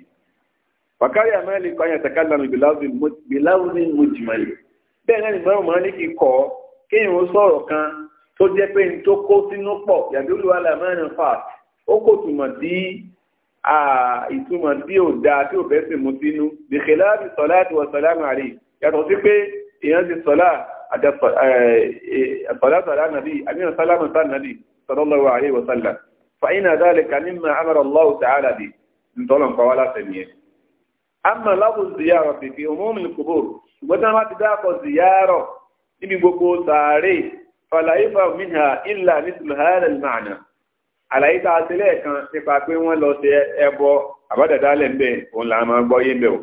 wàkárí àmọ́ ẹ̀lẹ́kọ̀ọ́ yẹn tẹ̀kálà mi bìláwùsì mojìmọ́lì bẹ́ẹ̀ náà ni mọ́rùn-ún mọ́rùn ní kí kọ́ kéèyàn ó sọ̀rọ̀ kan tó jẹ́ pé ní tó kó sínú pọ̀ yàdúlù alámẹ́rin fà ó kò túmọ̀ sí ìtumọ̀ tí ò dáa tí ò bẹ́ sì mú sínú bìkìlá ti sọ̀lá àti wọ̀sọ̀lá màrí yàtọ̀ sí pé èèyàn ti sọ̀lá àdàsọ̀lá nàbí àmìyàn sálámù sá nàbí sallallahu alaihi wa sallam fa inna dhalika mimma amara Allahu ta'ala bi ntọ́lọ̀ nǹkan wá láti ẹ̀mí ẹ̀. amma lafzu ziyarati fi umumil qubur ṣùgbọ́n tí wọ́n bá ti ziyarọ̀ níbi gbogbo sàárè fàlàyéfà minha illa mithlu hadha al-ma'na àlàyé tá a ṣe lẹ́ẹ̀kan nípa pé wọ́n lọ ṣe ẹbọ àbádàdálẹ̀ ń bẹ̀ òun là máa gbọ́ yé ń bẹ̀ o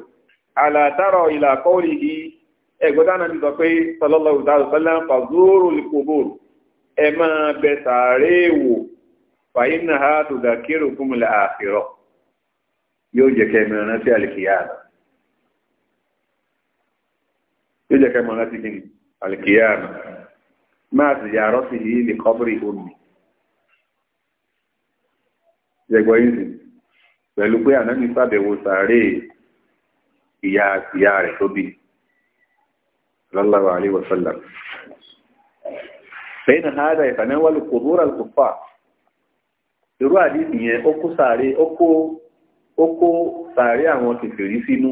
àlàtàrọ̀ ìlà kọ́ọ̀lì yìí ẹ̀gbọ́n dáná ti yóò jẹ́ kẹ́ mìíràn àlìkìyà yóò jẹ́ kẹ́ mìíràn sí alìkìyàmù máa sì yàrá sí yìí lè kọ́bùrì omi jẹgbọ́ yìí sì pẹ̀lú pé ànábì ṣàbẹ̀wò sàárè ìyá ìyá rẹ̀ tó bí sallallahu alaihi wa sallam bẹ́ẹ̀ni hada ìfànẹ́wọ́lù kòbúrà kòfà irú àdìsí yẹn ó kó sàárè ó kó ó kó sàárè àwọn kèfèrí sínú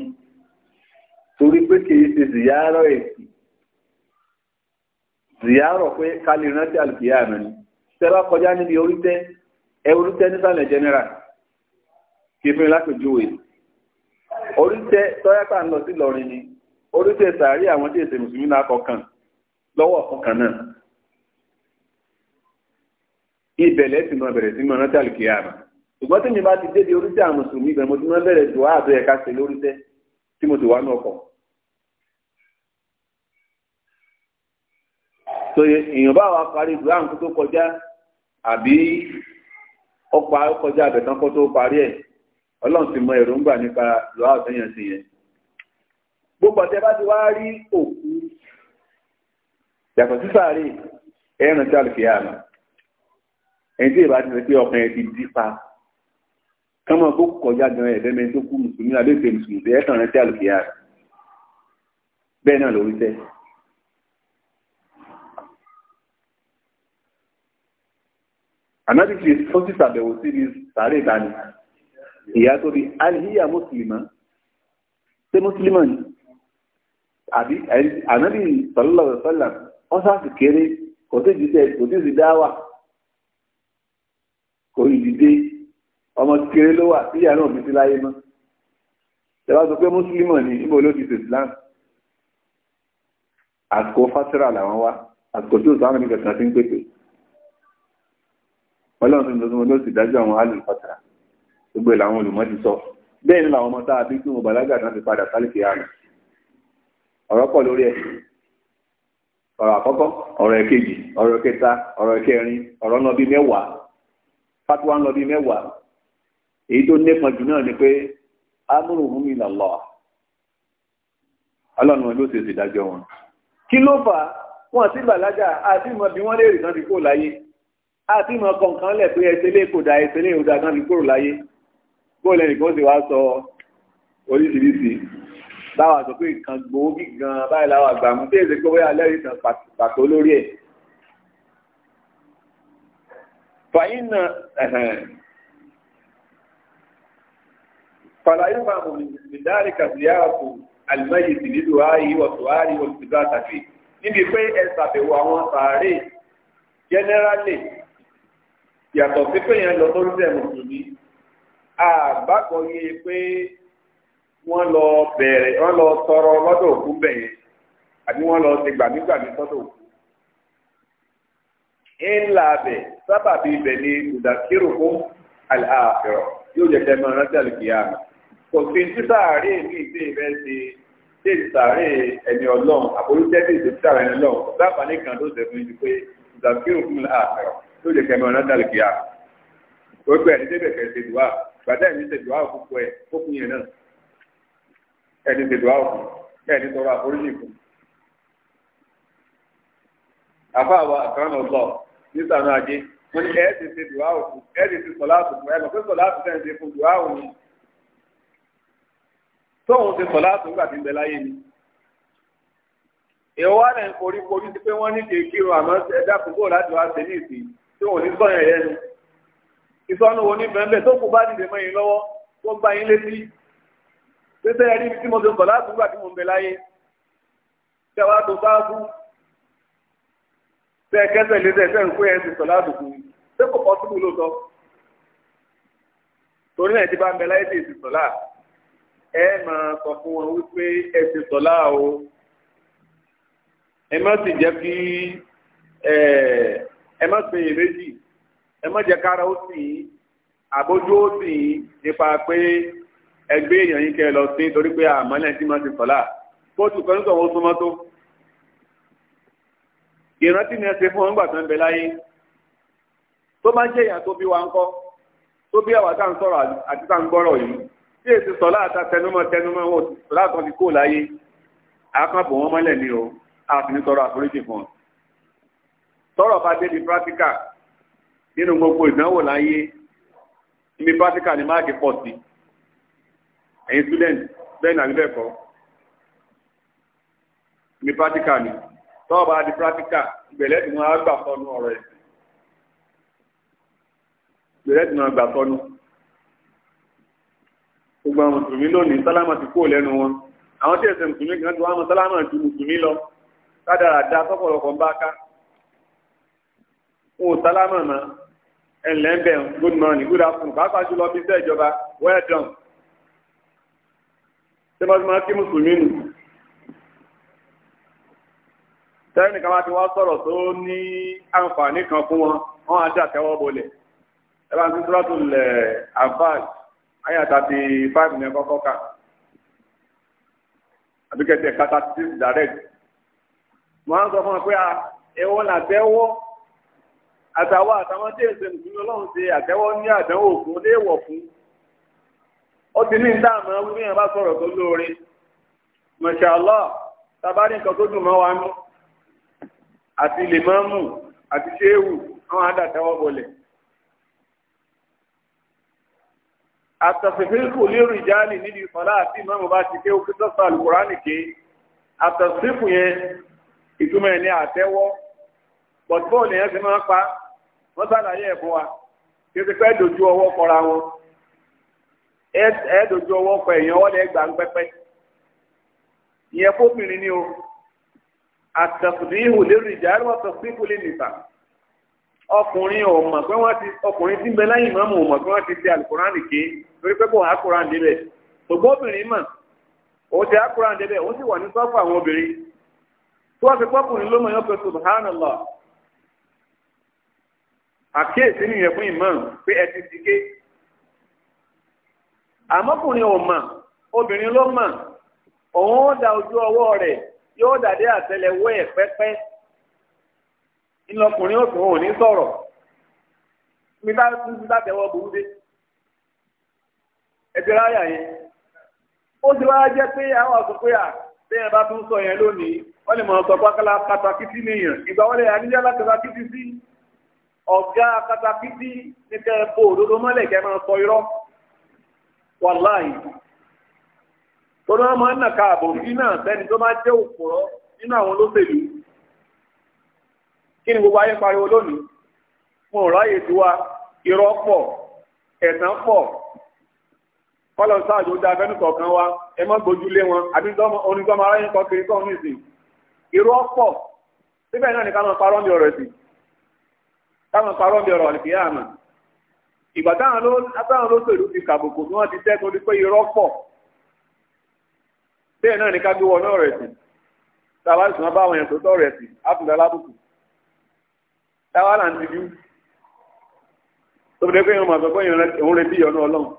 torí pé kìí ṣe ziyarọ ẹ̀sìn ziyarọ̀ pé ká lè rántí àlùkìyà àmì ni tẹ́ níbi orítẹ́ ẹ orítẹ́ nísàlẹ̀ general kí fún lápèjúwe orítẹ́ tọ́yàpá ń lọ sí lọrin ni orítẹ́ sàárì àwọn tí èsè mùsùlùmí náà kọkàn lọ́wọ́ ọ̀kan náà ìbẹ̀lẹ̀ sì máa bẹ̀rẹ̀ sí máa rántí ṣùgbọ́n tí mi bá ti débi àwọn mo ti ṣe tí mo ti wá tó èèyàn bá wa parí ìgbéhàn kó tó kọjá àbí ọpa kọjá àbẹ̀tán kó tó parí ẹ̀ ọlọ́run ti mọ èròǹgbà nípa lọ́wọ́ àtẹ̀yàn sí yẹn gbogbo ọ̀tẹ́ bá ti wá rí òkú yàtọ̀ sí sáré ẹ̀rùn tí a lè fi àmà ẹni tí ìbá ti rẹ̀ pé ọkùnrin ti dí pa kọ́mọ̀ kó kọjá gan ẹ̀fẹ́mẹ́ tó kú mùsùlùmí abẹ́fẹ́ mùsùlùmí ẹ̀kàn rẹ̀ tí a lè fi àmà bẹ́ẹ̀ náà lórí tẹ́ ànábì fi ó sì ṣàbẹ̀wò sí ní sàárè ìdání ìyá tó bí alìhíyà mùsùlùmá ṣé mùsùlùmá ni àbí ànábì sallallahu alaihi wasallam ó sáàsì kéré kò tí ìdíje kò tí ìdíje wà kò ìdíje ọmọ kéré ló wà síyà náà bí sí láyé mọ́ tẹ́wà sọ pé mùsùlùmá ni níbo ló ti ṣe Islam àsìkò fásitì làwọn wá àsìkò tí ò sáwọn ẹni kẹsàn-án ti ń pèpè. ọlọ́run tó lọ́sọ́mọdé sì dájú àwọn pàtàkì gbogbo ẹ̀ làwọn sọ bẹ́ẹ̀ ni làwọn ọmọ tá a bí tí náà ti padà sálìkì ọ̀rọ̀ pọ̀ lórí ẹ̀ ọ̀rọ̀ àkọ́kọ́ ọ̀rọ̀ ẹ̀kejì ọ̀rọ̀ ẹ̀kẹta ọ̀rọ̀ ẹ̀kẹrin ọ̀rọ̀ bíi mẹ́wàá fatuwa bíi mẹ́wàá èyí tó jù náà ni pé là lọ ọlọ́run wọn kí ló fà wọn àti ìmọ̀ bí wọ́n lè àti ìmọ̀ kọ̀ọ̀kan lẹ̀ pé ẹsẹ̀lẹ̀ kò dá ẹsẹ̀lẹ̀ ò dá gánfi kúrò láyé bóòlù ẹnìkan sì wá sọ oríṣiríṣi láwa sọ pé nǹkan gbòógì gan báyìí láwa gbà mú tí èsì pé bóyá lẹ́rìí kan pàtó lórí ẹ̀. fàyínà fàlàyé fàmù nìdáàrí kàbíyàkù àlùmáyèsì nílùú ààyè wọ̀tùwárì wọ̀tùbá tàfé níbi pé ẹ àwọn sàárè jẹ́nẹ́rálì yàtọ̀ sí pé yẹn lọ sórí tẹ̀ mùsùlùmí àgbàgbọ́ yé pé wọ́n lọ bẹ̀rẹ̀ wọ́n lọ tọrọ lọ́dọ̀ òkú bẹ̀yẹn àbí wọ́n lọ ti gbàmígbàmí lọ́dọ̀ òkú. ńlá abẹ sábàbí ibẹ̀ ni ìdàkírò fún àlàáfẹ̀rọ̀ yóò jẹ́ kẹ́mọ́ rántí àlùkìyà mi. kò sí ní sàárè mi ìgbé rẹ ṣe ṣe sàárè ẹni ọlọ́run àbórí tẹ́lẹ̀ ìdòtí sàárè ẹni ọlọ́run láǹfààní kan ló ṣẹ̀ tó lè kẹmẹ ọ̀nà dàlùkìyà gbogbo ẹni tẹ́lẹ̀ kẹ́ ṣe dùwà gbàdá ẹni ṣe dùwà òkú ẹ fókun yẹn náà ẹni ṣe dùwà òkú ẹni tọrọ àforíjì fún. àfa àwọn àkàràmọ̀ sọ nísàánú ajé wọn ni ẹ ti ṣe dùwà òkú ẹ ti ṣe sọlá àtùkù ẹ mọ̀ pé sọlá àtùkù ẹ̀ ń ṣe fún dùwà òní tóun ti sọlá àtùkù nígbà tí ń bẹ láyé ni ìwọ́n rẹ̀ ń forí forí sí pé wọ́n ní kékeré àmọ́ ẹ̀dá púpọ̀ láti wá ṣe ní ìsìn wọn ò ní sọ yẹn yẹn ni ìsọnù wo ní bẹ́ẹ̀ tó kù bá dìde mọ́ yín lọ́wọ́ tó gba yín létí pété ẹni tí mo ti sọ láti gbà tí mo ń bẹ láyé tẹ wá tó bá kú tẹ kẹsẹ̀ lé tẹ sẹ́yìn kó yẹn ti sọ láti kú ṣé kò pọ́sibú ló sọ torí ẹ̀ ti bá ń bẹ láyé tí èsì sọ ẹ máa sọ fún wọn wípé ẹ ti o ẹ má sì jẹ́ kí ẹ̀ẹ́. ẹ má sèyìn méjì ẹ má jẹ́ àbójú ó nípa pé èèyàn lọ sí torí pé àmọ́lẹ̀ tí máa ti sọ̀lá kóòtù kan nítorí wọn súnmọ́ tó ìrántí ni ẹ ṣe fún wọn gbà ń bẹ láyé tó bá jẹ́ ìyá tó bí wa ń tó bí àwa tá à ń àti tá à ń yìí tí èsì wọn ni o àfi ní àforíjì fún ọ. tọ́rọ̀ bá dé di practical nínú gbogbo ìdánwò láyé ibi practical ni máàkì pọ̀ sí ẹ̀yin student bẹ́ẹ̀ náà ibi practical ni tọ́rọ̀ bá di practical ìgbẹ̀lẹ́ tí wọ́n á gbà sọnù ọ̀rọ̀ ẹ̀ ìgbẹ̀lẹ́ tí wọ́n á gbà sọnù gbogbo àwọn mùsùlùmí lónìí sálámà ti kúrò lẹ́nu wọn àwọn tí ẹ̀sẹ̀ mùsùlùmí kan tó wá mọ́ sálámà ju mùsùlùmí lọ kádàrà dá sọ́pọ̀lọpọ̀ ń bá ká ń sálámà mọ́ good morning good afternoon pàápàá jùlọ bí iṣẹ́ ìjọba well done ti máa kí mùsùlùmí nù. tẹ́rìnì kan bá ti wá sọ̀rọ̀ tó ní àǹfààní kan fún wọn á bolẹ̀ ẹ bá ń tún lẹ̀ àǹfààní àtàwọn àtàwọn tí èsè nìyí ọlọ́run ṣe àtẹ́wọ́ ní àdánwò fún léèwọ̀ fún ó ti ní ìta àmọ́ wí yẹn bá sọ̀rọ̀ tó lóore mọ̀ṣálọ́ tabari nǹkan tó dùn mọ́ wa nú àti lèmọ́mù àti ṣéwù àwọn àdàtẹ́wọ́ bọ̀lẹ̀. àtàsífíkù lérò ìjáàlì níbi ìfọ̀lá àti ìmọ̀mù bá ti ké ó kí sọ́sọ́ àlùkùránì ké àtàsífù yẹn ìtumọ̀ ẹ̀ ní àtẹ́wọ́ pọ̀tíbọ̀ọ̀lù yẹn ti wọ́n sàlàyé ẹ̀ fún wa kìí fẹ́ dojú ọwọ́ kọra wọn ẹ dojú ọwọ́ kọ èèyàn wọ́n lè ni o àtàkùdí ihò ìjà àrùn lè nìta ọkùnrin ò mọ̀ pé wọ́n ti ọkùnrin tí ń bẹ mọ̀ pé wọ́n ti ṣe ké torí pé kò débẹ̀ obìnrin mọ̀ ó ti débẹ̀ ó sì àkíyèsí nìyẹn fún imam pé ẹ ti ti gé àmọ́kùnrin obìnrin ló mà ó da ojú ọwọ́ rẹ̀ yóò dàdé àtẹ́lẹwọ́ ẹ̀ pẹ́pẹ́ ńlọkùnrin ó sùn sọ̀rọ̀ mi bá tún bá tẹ̀wọ́ ti ráyà ó ti pé àwọn bá tún sọ yẹn lónìí wọ́n lè mọ̀ ọ́ ọ̀gá katakítí ní kẹ́ẹ̀kọ́ òdodo mọ́lẹ̀ kẹ́ máa sọ irọ́ wàláì tó náà máa ń nàka àbò sí náà tó máa jẹ́ n'inu nínú àwọn olóṣèlú kí ni gbogbo ayé pariwo lónìí mo ráyè tí wa irọ́ pọ̀ ẹ̀sán pọ̀ kọ́lọ̀ sáàjò dá kọ̀ọ̀kan wa ẹ má gbójú lé wọn àbí kọ́ kiri kọ́ irọ́ pọ̀ síbẹ̀ náà parọ́ ní táwọn parọ́ bí ọ̀rọ̀ àlùkìyà àmà ìgbà táwọn olóṣèlú fi kàbùkù tí wọ́n ti tẹ́kùn ní pé irọ́ pọ̀ bẹ́ẹ̀ náà ní ká gbé wọnú ọ̀rọ̀ ẹ̀sìn táwa sì bá àwọn èèyàn tó tọ̀ ọ̀rọ̀ lábùkù táwa là ń dijú tó fi dé pé èèyàn máa òun retí ìyọnu ọlọ́run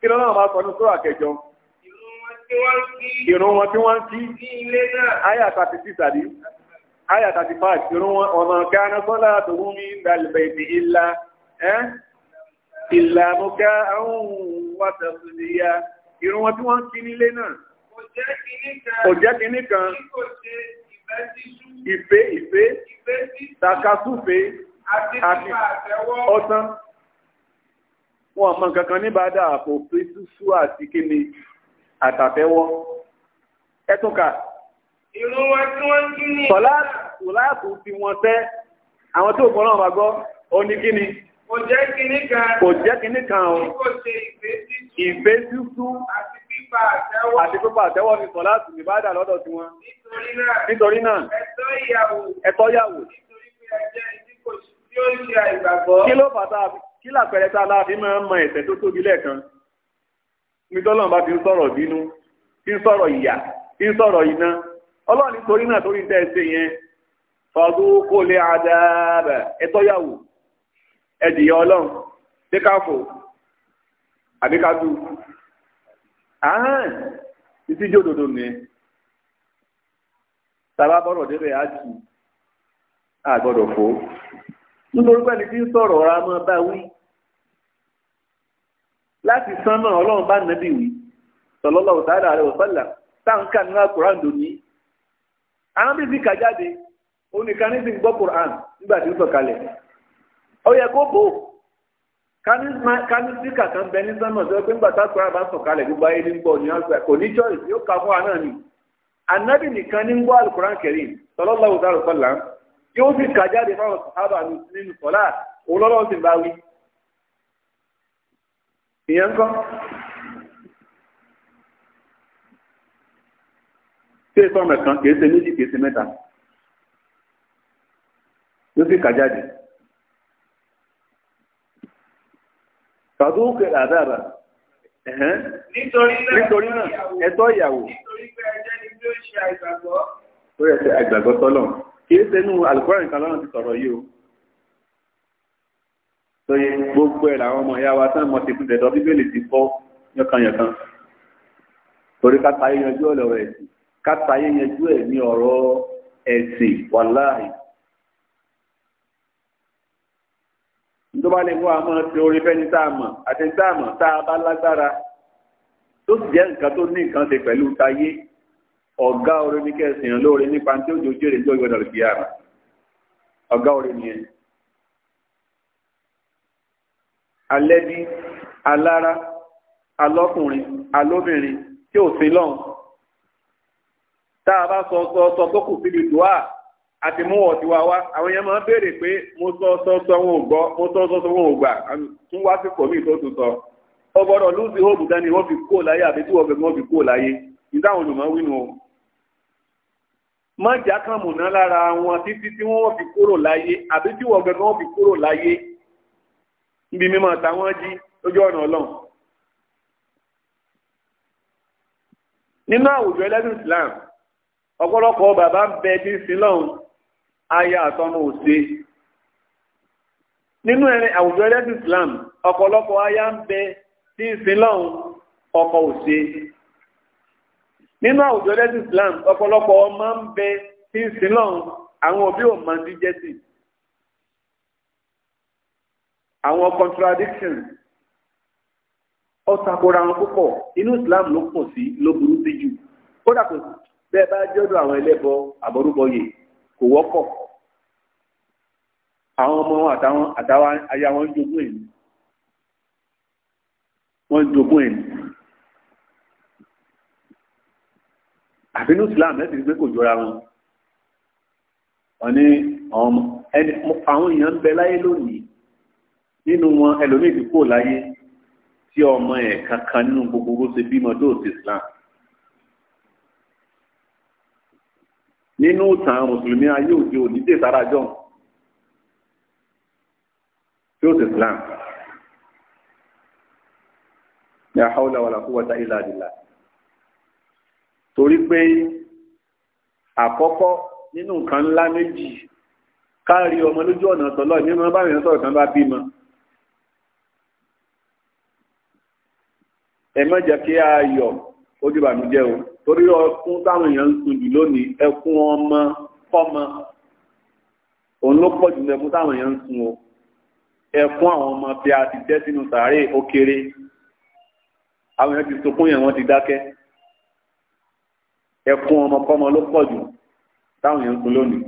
kí lọ́nà máa sọ ní sórà kẹjọ wọn tí wọ́n ń kí ayé àtàtì sí ìsàdí àyà tàbí fàájì irun wọn ọ̀nà gánà sọ́lá tó wú mi ń dalẹ̀ ìdí ìlà ìlà mo ká àwọn wàtàkùn ìyá irun wọn tí wọ́n ń kí nílé náà kò jẹ́ kínní kan ìfẹ́ ìfẹ́ takasúfẹ́ àti ọ̀sán wọn mọ̀ kankan ní bàdà àpò pé ìrún wa tí wọ́n ń kí ni. sọlá sọláàtù fi wọn tẹ àwọn tó gbọ́n náà wà gbọ́ ó ní kí ni. kò jẹ́ kinní kan. kò ìfẹ́ tútù. àti pípa àtẹ́wọ́. àti pípa àtẹ́wọ́ ni sọláàtù ní bàdà lọ́dọ̀ tí wọn. nítorí náà. nítorí náà. ẹ̀tọ́ ìyàwó. ẹ̀tọ́ ìyàwó. nítorí pé ẹ̀jẹ̀ ìdí kò sí tí ó ń ṣe àìgbàgbọ́. kí ló fàtà kí làpẹrẹ tá a láàfin máa ń mọ ẹ̀ṣẹ̀ tó tóbi lẹ́ẹ̀kan nítorí náà bá ti ń sọ̀rọ̀ bínú ti ń sọ̀rọ̀ ìyà ti ń sọ̀rọ̀ iná ọlọ́run ní torí náà torí tẹ́ ẹ ṣe yẹn fọdúkú lè àdáàbà ẹtọ́yàwó ẹdìyà ọlọ́run dékàfò àbíkájú àhán ìtìjú òdòdó nìyẹn tàbá bọ́rọ̀ débẹ̀ á jù àgbọ̀dọ̀ fò nítorí pẹ́ni tí ń sọ̀rọ̀ ọ̀rá mọ́ bá wí láti sánmọ̀ ọlọ́run bá nàbì wí sallallahu ta'ala alaihi wa táǹkà nínú àkùrá ń dò ní arábí ti kà jáde onìkan gbọ́ Quran nígbà tí ó sọ̀kalẹ̀ ọ yẹ kó bò kánísì kàkan bẹ ní sánmà sọ pé nígbà táwọn Quran bá sọ̀kalẹ̀ gbogbo ayé ní gbọ́ ní ọ̀sẹ̀ kò ní choice yóò kà fún wa náà ni anábì nìkan ní gbọ́ alukuran kẹrin sallallahu alaihi yóò fi òun ṣé ìtọ́nà kan kìí ṣe méjì kìí ṣe mẹ́ta ló sì kà jáde. fàdúkè àdáàbà nítorí náà ẹ̀tọ́ ìyàwó ó yẹ ṣe àgbàgbọ́ tọ́lọ̀ kìí ṣe nú alukóra nìkan lọ́nà ti sọ̀rọ̀ yìí o lóye gbogbo ẹ̀ làwọn ọmọ ìyá wa tán mọ̀ sí ìpínlẹ̀ lọ bíbélì ti kọ́ yọkanyọkan torí ká tayé yanjú ọ̀lọ́wọ́ ẹ̀sìn káta yẹnjú ẹ̀ ní ọ̀rọ̀ ẹ̀sìn wàláhì. nítorí lè fún àmọ́ ti orí fẹ́ni tá a mọ̀ àti tá a mọ̀ a bá lágbára tó sì jẹ́ nǹkan tó ní nǹkan ṣe pẹ̀lú tayé ọ̀gá orin ní kẹsìn lóore nípa tí ó jòjò rè jọ ìwọ̀dọ̀ rẹ̀ bíyàrá ọ̀gá orin nìyẹn. alẹ́bí alára alọ́kùnrin alóbìnrin tí ò sí lọ́hùn tá a bá sọ sọ sọ tó kù sí ìdùá àti mú ọ̀dùwà wá àwọn èèyàn máa ń béèrè pé mo sọ sọ sọ wọn ò gbọ́ mo sọ sọ sọ wọn ò gbà tún wá sí kòmí tó tún sọ ọ gbọ́dọ̀ lùsí hóòbù dání wọ́n fi kó láyé àbí tí wọ́n fi wọ́n fi kó láyé ìdáhùn olùmọ̀ wínú o má jà kan mùná lára wọn títí tí wọ́n fi kúrò láyé àbí tí wọ́n gbẹ̀gbẹ̀ wọ́n fi kúrò láyé níbi mímọ̀ táwọn jí lójú ọ̀nà ọlọ́run nínú àwùjọ ẹlẹ́sìn Islam ọ̀pọ̀lọpọ̀ bàbá ń bẹ ní sílọ́hun aya àtọmọ òṣè nínú ẹ̀rin àwùjọ ẹlẹ́sìn Islam ọ̀pọ̀lọpọ̀ aya ń bẹ ní sílọ́hun ọkọ òṣè nínú àwùjọ ẹlẹ́sìn Islam ọ̀pọ̀lọpọ̀ ọmọ ń bẹ ní sílọ́hun àwọn òbí ò máa ń díjẹ́ sí àwọn contradiction ọ̀sàkóra wọn púpọ̀ inú Islam ló pọ̀ sí ló burú sí jù kódà kò bẹ́ẹ̀ bá jọ́dọ̀ àwọn ẹlẹ́bọ àbọ̀rúbọyè kò wọ́pọ̀ àwọn ọmọ àtàwọn àtàwọn aya wọn ń jogún ẹ̀mí wọ́n ń jogún ẹ̀mí àfinú Islam lẹ́sìn pé kò jọra wọn wọ́n ní àwọn èèyàn ń bẹ láyé lónìí nínú wọn ẹlòmíì láyé tí ọmọ ẹ̀ kankan nínú gbogbo ṣe bímọ tó Islam nínú ìtàn mùsùlùmí ayé òde òní dè sára jọ tí ó sì Islam ní àhàwùlà wàlà kó wọta ilà àdìlà torí pé àkọ́kọ́ nínú nǹkan ńlá méjì káàrí ọmọ lójú ọ̀nà tọ́lọ́ ní ọmọ bá rìn sọ̀rọ̀ kan bá bímọ ẹ má jẹ́ kí a yọ̀ ojú bàmí jẹ́ o torí ọkún táwọn èèyàn ń sun jù lónìí ẹkún ọmọ fọmọ òun ló pọ̀ jù lẹ́kún táwọn èèyàn ń sun o ẹkún àwọn ọmọ bí a ti jẹ́ sínú sàárè ó kéré àwọn èèyàn ti sunkún yẹn wọ́n ti dákẹ́ ẹkún ọmọ fọmọ ló pọ̀ jù táwọn èèyàn ń sun lónìí.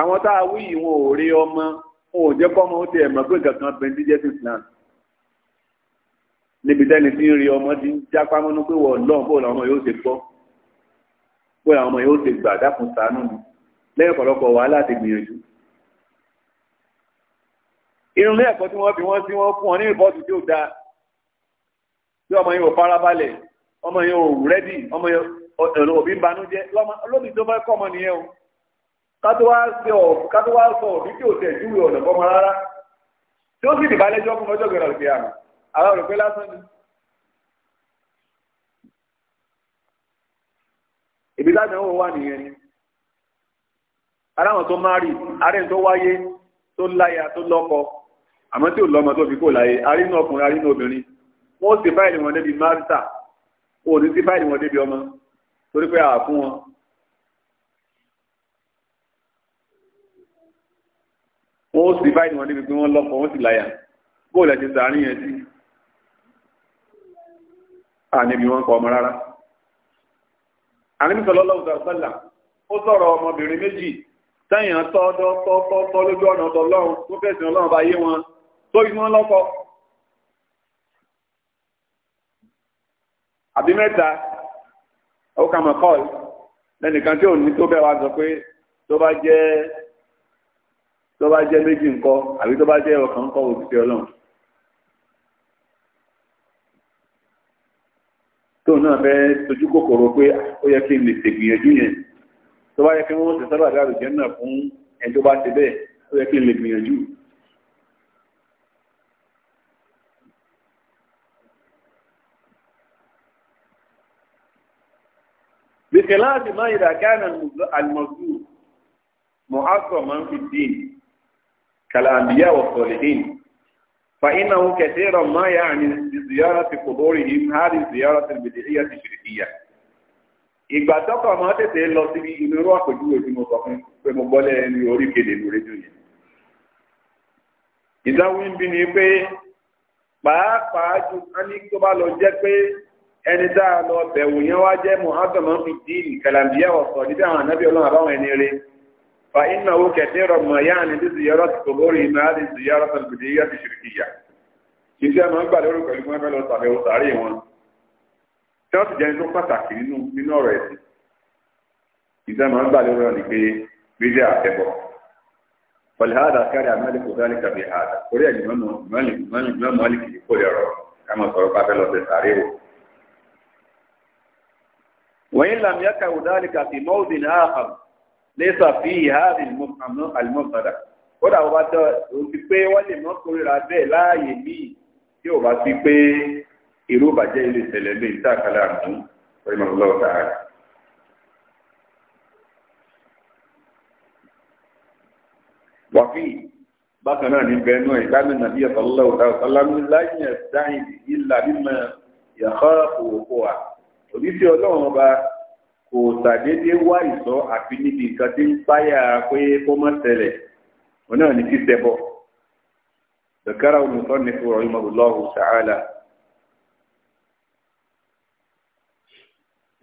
àwọn tá a wí yìí wọn ọmọ wọn ò jẹ́ kọ́mọ ó ti ẹ̀ pé kankan bẹ́ẹ̀ ti jẹ́ sí Islam níbi tẹ́ni tí ń rí ọmọ ti ń jápá mọ́nú pé wọ́n lọ́n bóòlù ọmọ yóò ṣe gbọ́ bóòlù ọmọ yóò ṣe gbà dákun ṣàánú ni lẹ́yìn ọ̀pọ̀lọpọ̀ wàhálà ti gbìyànjú. irun ilé ẹ̀kọ́ tí wọ́n fi wọ́n sí wọ́n fún ọ ní rìpọ́ọ̀tù tí ó da tí ọmọ yẹn ò farabalẹ̀ ọmọ yẹn rẹ́dì ọmọ yẹn òbí ń banújẹ́ lóbi tó fẹ́ kọ́ ọmọ nìyẹn o kátó àwọn olùgbé lásán ni. ibi táwọn ìwọ wà nìyẹn ni aláwọn tó máa rí arẹ́ni tó wáyé tó láya tó lọ́kọ àmọ́ tí ò lọ́mọ tó fi kó láyé arínú ọkùnrin arínú obìnrin wọ́n sì fáìlì wọn débi máríta ò ní sí fáìlì wọn débi ọmọ torí pé àà fún wọn wọ́n sì fáìlì wọn débi pé wọ́n lọ́kọ wọ́n sì láya bóòlù ẹ̀jẹ̀ sàárín yẹn sí àníbi wọn kọ ọmọ rárá àníbi sọlọ́lọ́ ọ̀sàlá ó sọ̀rọ̀ ọmọbìnrin méjì sẹ́yìn tọ́ọ́dọ́ tọ́ọ́tọ́ lójú ọ̀nà ọ̀tọ̀lọ́run tó fẹ̀sìn ọlọ́run bá yé wọn tó fi wọn lọ́kọ àbí mẹ́ta ó kà mọ̀ kọ́ọ̀lù lẹ́nìkan tí ò ní tó bẹ́ẹ̀ wá sọ pé tó bá jẹ́ tó bá jẹ́ méjì ńkọ́ àbí tó bá jẹ́ ọ̀kan ńkọ́ òṣìṣẹ́ ọlọ́run tó náà fẹ́ sojú kòkòrò pé ó yẹ kí n lè ṣègbìyànjú yẹn tó bá yẹ kí wọ́n ṣe sábà dáàbò jẹ́ náà fún ẹni tó bá ṣe bẹ́ẹ̀ ó yẹ kí n lè gbìyànjú. bìkìláàsì máa yìí dàkánà àlùmọ̀sù mọ̀ásọ̀ máa ń fi dín kàlàǹdíyà wọ̀ sọ̀lẹ̀dín. فإنه كثيرا ما يعني بزيارة قبورهم هذه الزيارة البدعية الشركية ìgbà tọ́kọ̀ máa tètè lọ síbi inú irú àpèjúwe tí mo sọ fún pé mo gbọ́lẹ̀ ẹni orí kéde lórí jù yẹn ìdáhùn ń bí ni pé pàápàá ju ẹni tó bá lọ jẹ́ pé ẹni tá a lọ bẹ̀wò yẹn wá jẹ́ muhammed mohammed dín kàlàmbíyà ọ̀sọ̀ níbi àwọn ànábì ọlọ́run àbáwọn ẹni rẹ̀ فإنه كثيرا ما يعني بزيارة قبورهم هذه الزيارة البدية الشركية iṣẹ́ máa ń gbà lórí pẹ̀lú wọn fẹ́ lọ ṣàbẹ̀wò sàárè wọn ṣọ́ọ̀ṣì jẹ́ tó pàtàkì nínú nínú ọ̀rọ̀ ẹ̀sìn iṣẹ́ máa ń gbà lórí ọ̀nì pé bíjẹ́ àtẹ̀bọ̀ pọ̀lìhádà kárí àmàlìkò dání tàbí àdá orí ẹ̀yìn mọ́mọ́ mọ́lìkì kò lè rọ̀ kámọ̀ sọ̀rọ̀ bá fẹ́ lọ sí sàárè wò. wọ́n yín làmìyàkà ò dálìkà sí mọ́ọ̀dì náà lẹ́sà fi ìhà àlùmọ́sàdà kódà wọ́n bá tọ́ òun ti pé wọ́n lè mọ́ kórìíra bẹ́ẹ̀ láàyè míì tí ò bá ti pé irú bàjẹ́ ilé ìṣẹ̀lẹ̀ lè tá àkàlà àdún ọ̀rẹ́mọ̀ lọ́wọ́ sáà. wàfíì bákan náà ní bẹ́ẹ̀ náà ìdáná nàbí ọ̀sánlá ọ̀tá láyé ẹ̀dáyìn ìlà mímọ ìyàkọ́ òwòkó wa òbí tí ọlọ́run ọba kò ṣàdédé wá ìsọ àfi níbi nǹkan tí ń páyà pé kó mọ́ ṣẹlẹ̀ wọn náà ní títẹ̀ bọ̀ ذكره المصنف رحمه الله تعالى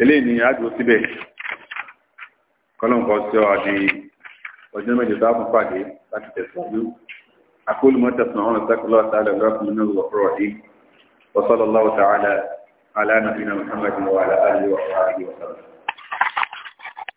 eléyìí ni àjò síbẹ̀ kọ́lọ́nkọ́ sí ọ àti ọjọ́ mẹ́jọ tá a fún pàdé láti tẹ̀síwájú akólúmọ́ tẹ̀sán ọ̀rọ̀ sákòlọ́ àtàlẹ̀ ọ̀rọ̀ nínú ọ̀rọ̀ yìí وصلى الله تعالى على نبينا محمد وعلى آله وصحبه وسلم